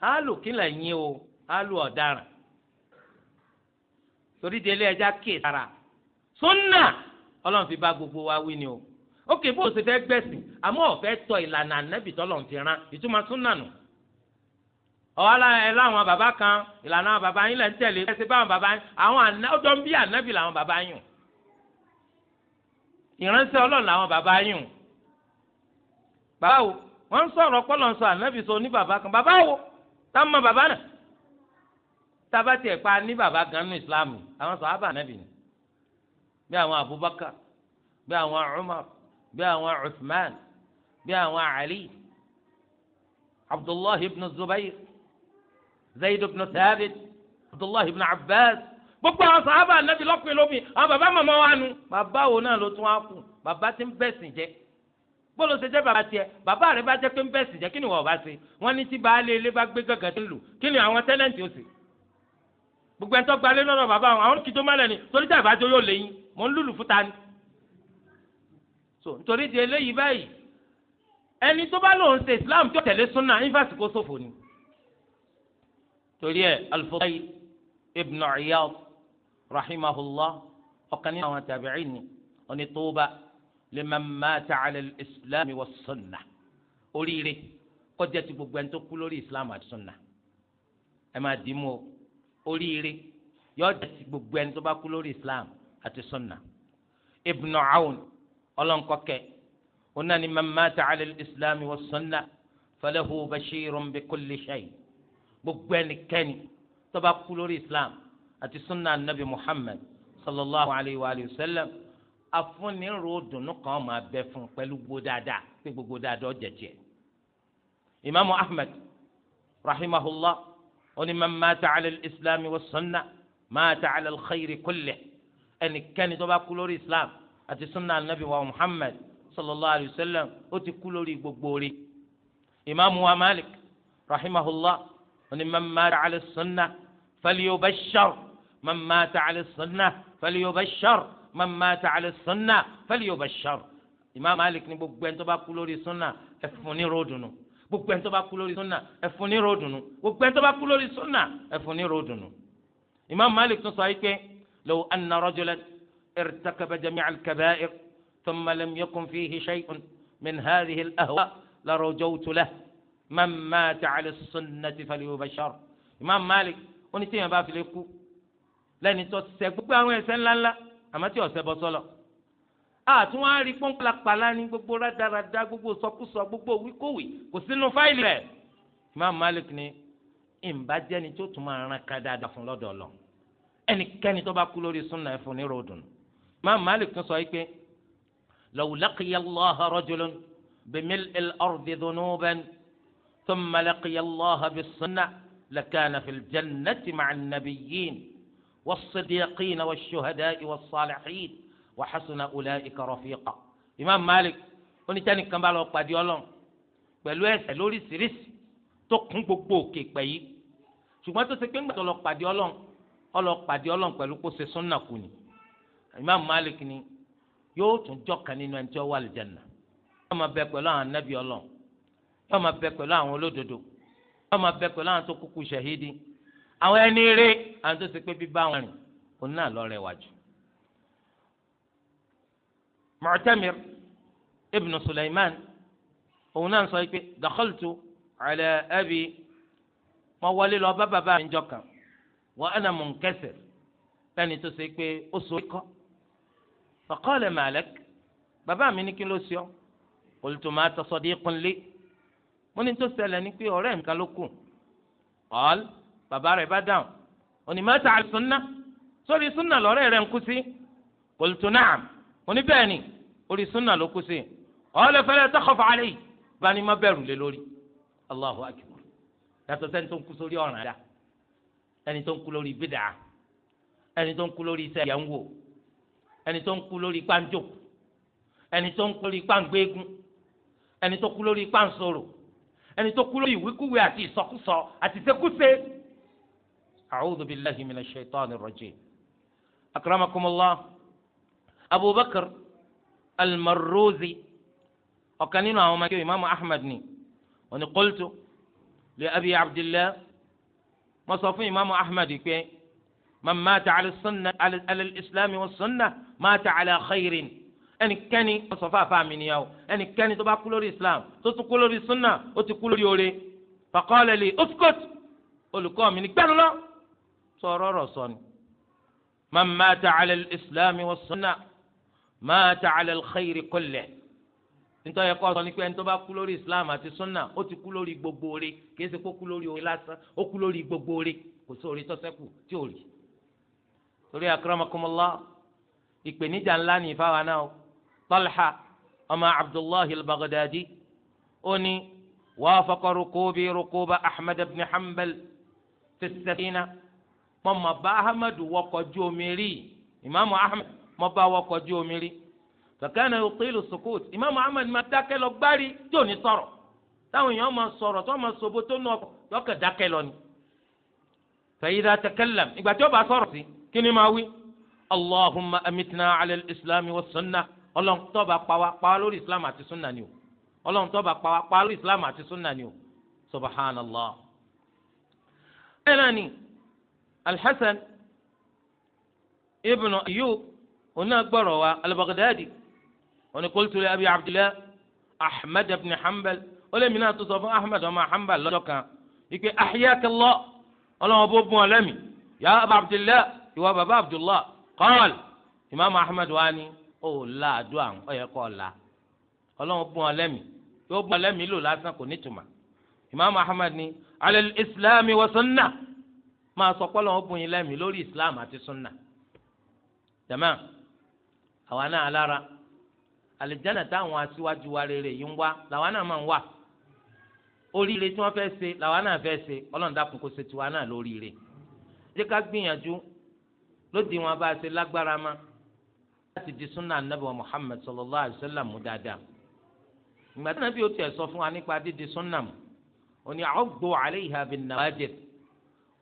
alu kí là ń yín o alu ọ̀daràn torí délé ẹja kè sára sunna ọlọ́run fi bá gbogbo wa wí ni o ok bó o ṣe fẹ́ gbẹ̀sìn àmọ́ ọ̀fẹ́ tọ ìlànà ànábì tọ́lọ́run ti rán ìtumọ̀ sunna nù ọ̀hálà ẹ láwọn bàbá kan ìlànà àwọn bàbá yín lẹ̀ ń tẹ̀lé ẹ ṣe báwọn bàbá yín àwọn ọjọ́ ń bí ànábì làwọn bàbá yín ìránṣẹ́ ọlọ́run làwọn bàbá yín bàbá wo wọ́n ń sọ̀rọ̀ pọ́lọ́ sọ ànábì sọ ní bàbá kan bàbá wo tá mọ bàbá náà tába tiẹ̀ pa ní bàbá ganu islam àwọn sàhábà nàbì ni bí àwọn abubakar bí àwọn umar bí àwọn usman bí àwọn ali abdullahi ibn zubair zayd ibn thabit abdullahi ibn abbas gbogbo àwọn sàhábà nàbì lọ́kùnrin lómi àwọn bàbá màmá wa nu bàbá wo náà ló tún wá kù bàbá ti ń bẹ̀sìn jẹ́ bọ́ọ̀lù ṣe jẹ́ bàbá tiẹ̀ bàbá rẹ bá jẹ́ pé ń bẹ̀sì jẹ́ kí ni wọ́n bá ṣe wọ́n ní tí baálé ilé bá gbé gàgà tó ń lù kí ni àwọn tẹ́lẹ̀ǹtì ó ṣe gbogbo ẹ̀ńtọ́ gbalé lọ́dọ̀ bàbá wọn àwọn kìtó mọ́lẹ̀ ni torí tí àbájọ yóò lè yín mò ń lùlù fúta ni. so nítorí di eléyìí báyìí ẹni tó bá lòun ṣe Islam tó tẹ̀lé súnà ínfàsì kó sófò ni. torí ẹ al-Fudayl ibn Iyad rahimahullah ọ̀kan nínú àwọn liman mata ala islam wa sunna oríire kọjá ti gbogbo ẹni tó kú lórí islam àti sunna ẹ máa dì í mú o oríire yóò jẹ ti gbogbo ẹni tó bá kú lórí islam àti sunna ibn awn ọlọ́nkọ́kẹ́ onani man mata ala islam wa sunna falahu bashirun bi kulli shay gbogbo ẹnikẹ́ni tó bá kú lórí islam àti sunna anabi muhammad sallallahu alayhi wa sallam afúnirò dùnú kan máa bẹ fún pẹ̀lú gbogbo dáadáa pé gbogbo dáadáa jẹjẹ. imaamu ahmed rahimahullah oní man mata ala islam wa sunna mata ala khayri kulli ẹnikẹ́ni tó bá kú lórí islam àti sunna anabi wa muhammad sallallahu alayhi wa sallam ó ti kú lórí gbogbo rí. imaamu wa malik rahimahullah oní man mata ala sunna falyubashshar man mata ala sunna falyubashshar man mata ala sunna falyubashshar Imam Malik ní gbogbo ẹni tó bá kú lórí sunna ẹ fún ní ròdùnú gbogbo ẹni tó bá kú lórí sunna ẹ fún ní ròdùnú gbogbo ẹni tó bá kú lórí sunna ẹ fún ní ròdùnú. Imam Malik tún sọ yìí pé law anna rajulan irtakaba jami'a al-kaba'ir thumma lam yakun fihi shay'un min hadhihi al-ahwa la rajawtu lahu man mata ala sunnati falyubashshar Imam Malik ó ní tí yẹn bá fi kú lẹ́ni tó ṣẹ̀ gbogbo àwọn ẹ̀ṣẹ̀ ńláńlá àmọ́ tí ọ̀sẹ̀ bọ́ sọ́lọ̀ àtún wá rí pọ́ńpọ́lá pàlá ní gbogbo rádaràda gbogbo sọkúsọ gbogbo wíkówì kò sínú fáìlì rẹ̀ Imam Malik ni ìbàjẹ́ni tó tún máa ran kan dáadáa fún lọ́dọ̀ lọ ẹnikẹ́ni tó bá kú lórí súnà ẹ̀fọn ní ròdùn Imam Malik tún sọ yìí pé law laqiya Allaha rajulun bimil'il ardi dhunuban thumma lakana fil jannati ma'an والصديقين والشهداء والصالحين وحسن أولئك رفيقا Imam Malik onítẹ̀ni kan bá lọ pàdé Ọlọ́run pẹ̀lú ẹ̀ṣẹ̀ lóríṣiríṣi tó kún gbogbo òkè pẹ̀ yìí ṣùgbọ́n tó ṣe pé ńgbà tó lọ pàdé Ọlọ́run ọlọ pàdé Ọlọ́run pẹ̀lú kó ṣe súnà kù ni Imam Malik ni yóò tún jọkàn nínú ẹni tí ó wà àlùjánnà yóò máa bẹ pẹ̀lú àwọn anábì Ọlọ́run yóò máa bẹ pẹ̀lú àwọn olódodo yóò máa bẹ pẹ̀lú àwọn tó kúkú ṣàhídì àwọn ẹni rí àwọn tó ṣe pé bíbá wọn rìn òun náà lọ rẹwà jù. Mu'tamir ibn Sulaiman òun náà sọ pé dakhaltu ala abi mo wọlé lọ bá bàbá mi jọ kan wa ana munkasir lẹ́ni tó ṣe pé ó so kọ́ faqala malak bàbá mi ní kí ló ṣe ọ́ qultu ma ta sadiqun mo ní tó ṣẹlẹ̀ ní pé ọ̀rẹ́ nǹkan ló kù qala bàbá rẹ̀ bá dáhùn onímọ̀tà àlùsùnà sórí súnà lọ́rẹ́ rẹ̀ ń kú sí qultu na'am oníbẹ̀ẹ́ni orí súnà ló kú sí ọ̀ọ́lẹ̀ fẹ́lẹ́ takhaf alayhi bani má bẹ̀rù lé lórí Allahu akbar yàtọ̀ sẹ́ni tó ń kú sórí ọ̀ràn dá ẹni tó ń kú lórí bídà ẹni tó ń kú lórí iṣẹ́ yẹn ń wò ẹni tó ń kú lórí pàǹjò ẹni tó ń kú lórí pàǹgbéegun ẹni tó kú lórí pàǹsòrò ẹni tó kú lórí ìwíkúwé àti ìsọkúsọ àti ìṣekúṣe أعوذ بالله من الشيطان الرجيم أكرمكم الله أبو بكر المروزي وكان هنا إمام أحمد ني وأنا قلت لأبي عبد الله مصطفى إمام أحمد كي من مات على السنة على الإسلام والسنة مات على خير أن كان مصطفى فامن ياو أن كان تبع كل الإسلام تتقول السنة وتقول يولي فقال لي اسكت قل قومي نكبر sọ̀rọ̀ rọ̀ sọ ni. man mata ala islam wa sunna mata ala khayri kulli nítorí ẹ̀kọ́ sọ ni pé ẹni tó bá kú lórí islam àti sunna ó ti kú lórí gbogbo rẹ̀ kì í ṣe kó kú lórí orí lásán ó kú lórí gbogbo rẹ̀ kò sóore tọ́sẹ́kù tí ò rí. torí akramakumullah ìpèníjà ńlá ní ìfáwa náà Talha ọmọ Abdullahi al-Baghdadi ó ní wàá fọkọ rukubi rukuba Ahmad ibn Hanbal fi as mo mọ̀ bá ahmadu wọkọ̀ ju omi rí ìmáàmù ahmed mo bá wọkọ̀ ju omi rí fẹ̀kẹ́ni òkèlù sukut ìmáàmù ahmed máa dákẹ́ lọ gbárí tí ò ní sọ̀rọ̀ táwọn èèyàn máa sọ̀rọ̀ tó máa sobo tó nù ọkọ̀ lọ́kẹ̀ dákẹ́ lọ ni. fẹ̀yìdà tẹkẹ́lẹ̀m ìgbà tí ó bá sọ̀rọ̀ sí kí ni máa wí. allahumma amitna ala islami wa sunna ọlọ́run tó bá pa wá pa wá lórí islam àti sunna ni o ọlọ́run tó bá pa wá pa wá lórí islam àti sunna ni o subhanallah alḥasan ibn ayub ona gbọ́rọ̀ wa albaghdadi oni qultu li abi abdillah ahmed ibn hanbal olè mi náà tó sọ fún ahmed ọmọ hanbal lọ́jọ́ kan ike ahiyakallah ọlọ́wọ́n bó bùn ọlẹ́mi ya abu abdillah ìwà baba abdullah qal imam ahmed wani ó la àdúrà ó yẹ kó la ọlọ́wọ́n bùn ọlẹ́mi yóò bùn ọlẹ́mi lò lásán kò ní tuma imam ahmed ni alẹ́ islámi wa sunnah máa sọ pé lọ́wọ́ bùn yín lẹ́mìí lórí islam àti sunna jama àwa náà alára àlìjáná táwọn aṣíwájú wa rere yìí ń wá làwa náà máa ń wà oríire tí wọ́n fẹ́ ṣe làwa náà fẹ́ ṣe ọlọ́run dákun kó ṣe tiwa náà lóríire jẹ́ ká gbìyànjú lóde wọn bá ṣe lágbára ma láti di sunna anabi wa muhammed sallallahu alayhi wa sallam mu dáadáa ìgbà tí wọn bí o tiẹ̀ sọ fún wa nípa dídi sunna mu òní àwògbò àlẹ́ ìhàbí nàwájẹ́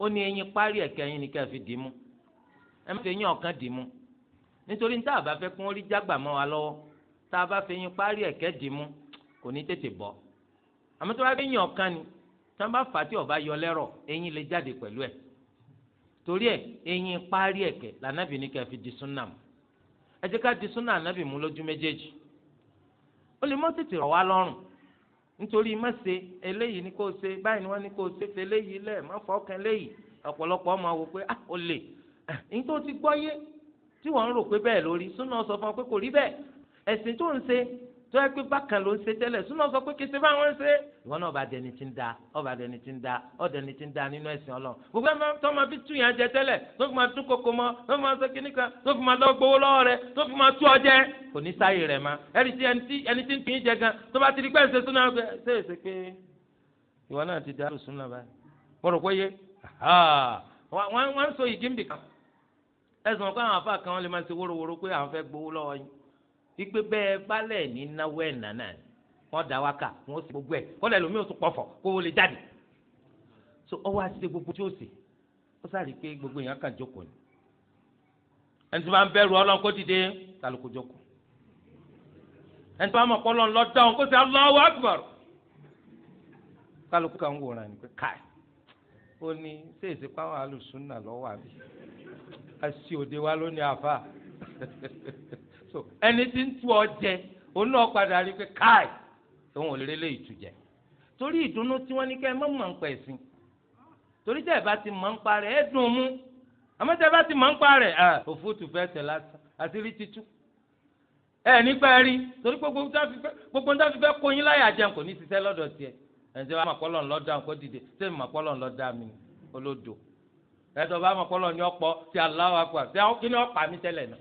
ó ní eyín parí ẹ̀kẹ́ yín ni ká fi dìímú ẹ má fi eyín ọ̀kan dìímú nítorí tá a bá fẹ́ kún orí jágbà mọ́ wa lọ́wọ́ tá a bá fi eyín parí ẹ̀kẹ́ dìímú kò ní tètè bọ́ àmọ́ tó bá fi eyín ọ̀kan ni tí wọ́n bá fà á tí ọba yọ lẹ́rọ̀ eyín lè jáde pẹ̀lú ẹ̀ torí ẹ̀ eyín parí ẹ̀kẹ́ lànàbì ni ká fi di súnà mu ẹ jẹ́ ká di súnà ànàbì mú lójú méjèèjì ó lè mọ́ tètè rọ̀ wá lọ́rùn nítorí má ṣe eléyìí ni kò ṣe báyìí ni wọ́n ní kò ṣe fẹ́ eléyìí lẹ̀ má fọkàn eléyìí ọ̀pọ̀lọpọ̀ ọmọ wò pé ah o lè ní tó ti gbọ́ yé tí wọ́n ń rò pé bẹ́ẹ̀ lórí súnà sọ fún ọ pé kò rí bẹ́ẹ̀ ẹ̀sìn tó ń ṣe tó yẹ pé bákan ló ń ṣe tẹ́lẹ̀ súnà sọ pé kìí ṣe báwọn ń ṣe ìwọ náà ọba dẹni ti ń da ọba dẹni ti ń da ọdẹni ti ń da nínú ẹ̀sìn ọlọ́run gbogbo ẹ̀ tó máa fi tún yàn jẹ tẹ́lẹ̀ tó fi máa tún koko mọ́ tó fi máa sọ kíní kan tó fi máa lọ gbowó lọ́wọ́ rẹ tó fi máa tú ọ jẹ kò ní sáyé rẹ ma ẹni tí ẹni tí ń pín jẹ gan tó bá ti di pẹ́ẹ́sẹ̀ súnà ṣe é ṣe pé ìwọ náà ti da súnà báyìí mo rò pé yé wọ́n ń so ìgí wípé bẹ́ẹ̀ balẹ̀ ní náwó ẹ̀ nànà wọ́n da wákà wọ́n sì gbogbo ẹ̀ kọ́lẹ̀ lómi ò pọ̀fọ̀ kó o lè jáde so ọwọ́ àṣìṣe gbogbo tí ó sì ó sáré pé gbogbo èèyàn kàn jókòó ni ẹni tí wọ́n bẹ̀rù ọlọ́run kó dìde kálukú jókòó ẹni tí wọ́n mọ̀ pọ́lọ́n lọ́dọ̀ọ́n kó sì Allahu Akbar kálukú kan wòran ni pé káì ó ní sèèsì pàwọn alùsùn náà lọ́wọ́ àbí àṣìṣe òde wa ló so ẹni tí ń tú ọ jẹ òun náà padà rí i pé káì òun ò lè lè ìtú jẹ torí ìdùnnú tí wọ́n ní kẹ́ ẹ má mọ̀ ń pa ẹ̀sìn torí tẹ́ ẹ bá ti mọ̀ ń pa rẹ̀ ẹ dùn mú àmọ́ tẹ́ ẹ bá ti mọ̀ ń pa rẹ̀ òfútu fẹ́ tẹ̀ lásán àti rí títú ẹ nípa ẹ rí torí gbogbo ń tá fi fẹ́ kóyin láyà jẹun kò ní ṣiṣẹ́ lọ́dọ̀ tiẹ̀ ẹnjẹ wa mọkọlọ ńlọ dáhùn kó dìde ṣé mọkọlọ ńlọ dá mi olódo ẹjọ bá mọkọlọ ní ọ̀pọ̀ ti aláwọ akpa tí àwọn kí ni ọ̀pá mi tẹ́lẹ̀ náà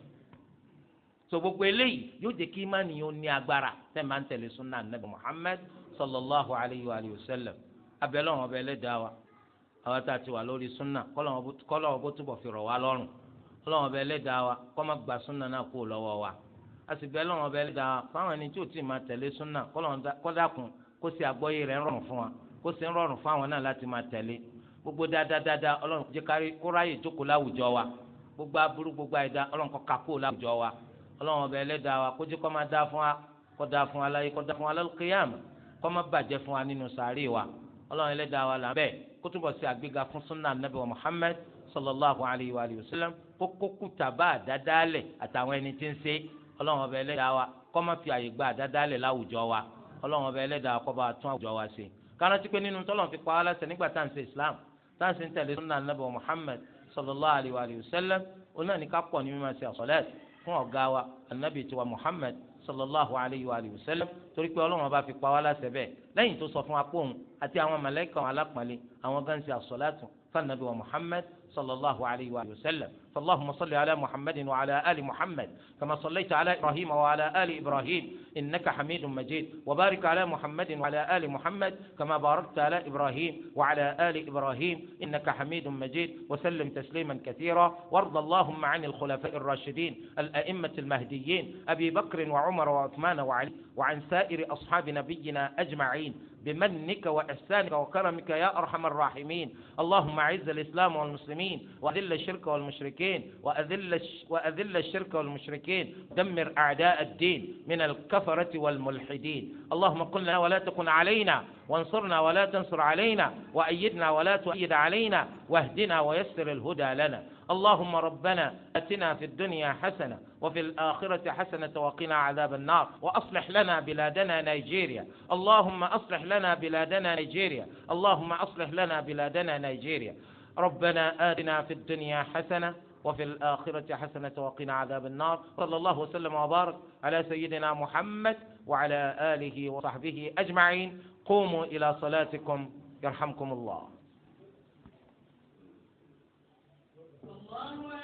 so gbogbo eléyìí yóò jẹ́ kí imáni yóò ní agbára tẹ́ máa ń tẹ̀lé sunna nabi muhammed sallallahu alayhi wa sallam abẹ́lẹ́ wọn ọbẹ̀ ẹlẹ́dàá wa àwọn tá a ti wà lórí sunna kọ́lọ́wọ́ bó túbọ̀ fi rọ̀ wá lọ́rùn kọ́lọ́wọ́ ọbẹ̀ ẹlẹ́dàá wa kọ́ gba sunna náà kú lọ́wọ́ wa àsìgbẹ́ lọ́wọ́ ọbẹ̀ ẹlẹ́dàá wa fáwọn ẹni tí ò tí máa tẹ̀lé sunna kọ́dàkùn kó sì àgbọ́yé rẹ̀ rọrùn fún wa kó sì ń rọrùn fún àwọn náà láti máa tẹ̀lé gbogbo dáadáa ọlọ́run jẹ́ kárí kó ráyè ọlọ́run ọba ẹlẹ́dàá wa kójú kọ́ máa dá fún wa kọ́ dá fún wa láyé kọ́ dá fún wa lálùkìyàmà kọ́ máa bàjẹ́ fún wa nínú sàárè wa ọlọ́run ẹlẹ́dàá wa là bẹ́ẹ̀ kó túbọ̀ sí àgbéga fún sunna anabi wa muhammad sallallahu alayhi wa sallam kó kókú tàbá àdádálẹ̀ àtàwọn ẹni tí ń ṣe ọlọ́run ọba ẹlẹ́dàá wa kọ́ máa fi àyè gba àdádálẹ̀ láwùjọ wa ọlọ́run ọba ẹlẹ́dàá kọ́ bá tún àwùjọ islam tá à ń muhammad sallallahu alayhi wa sallam onáà ní ká pọ̀ ní mímọ́ fún ọ̀gá wa anabi tiwa muhammed sallallahu alayhi wa sallam torí pé ọlọ́run ọba fi pa wá láṣẹ bẹ́ẹ̀ lẹ́yìn tó sọ fún apóhùn àti àwọn màláíkà alápọ̀nlé àwọn gánsì àsọ̀látù fún anabi wa muhammed sallallahu alayhi wa sallam فاللهم صل على محمد وعلى آل محمد كما صليت على إبراهيم وعلى آل إبراهيم إنك حميد مجيد وبارك على محمد وعلى آل محمد كما باركت على إبراهيم وعلى آل إبراهيم إنك حميد مجيد وسلم تسليما كثيرا وارض اللهم عن الخلفاء الراشدين الأئمة المهديين أبي بكر وعمر وعثمان وعلي وعن سائر أصحاب نبينا أجمعين بمنك وإحسانك وكرمك يا أرحم الراحمين اللهم أعز الإسلام والمسلمين وأذل الشرك والمشركين المشركين وأذل, وأذل الشرك والمشركين دمر أعداء الدين من الكفرة والملحدين اللهم قل لنا ولا تكن علينا وانصرنا ولا تنصر علينا وأيدنا ولا تؤيد علينا واهدنا ويسر الهدى لنا اللهم ربنا أتنا في الدنيا حسنة وفي الآخرة حسنة وقنا عذاب النار وأصلح لنا بلادنا نيجيريا اللهم أصلح لنا بلادنا نيجيريا اللهم أصلح لنا بلادنا نيجيريا ربنا آتنا في الدنيا حسنة وفي الآخرة حسنة وقنا عذاب النار صلى الله وسلم وبارك على سيدنا محمد وعلى آله وصحبه أجمعين قوموا إلى صلاتكم يرحمكم الله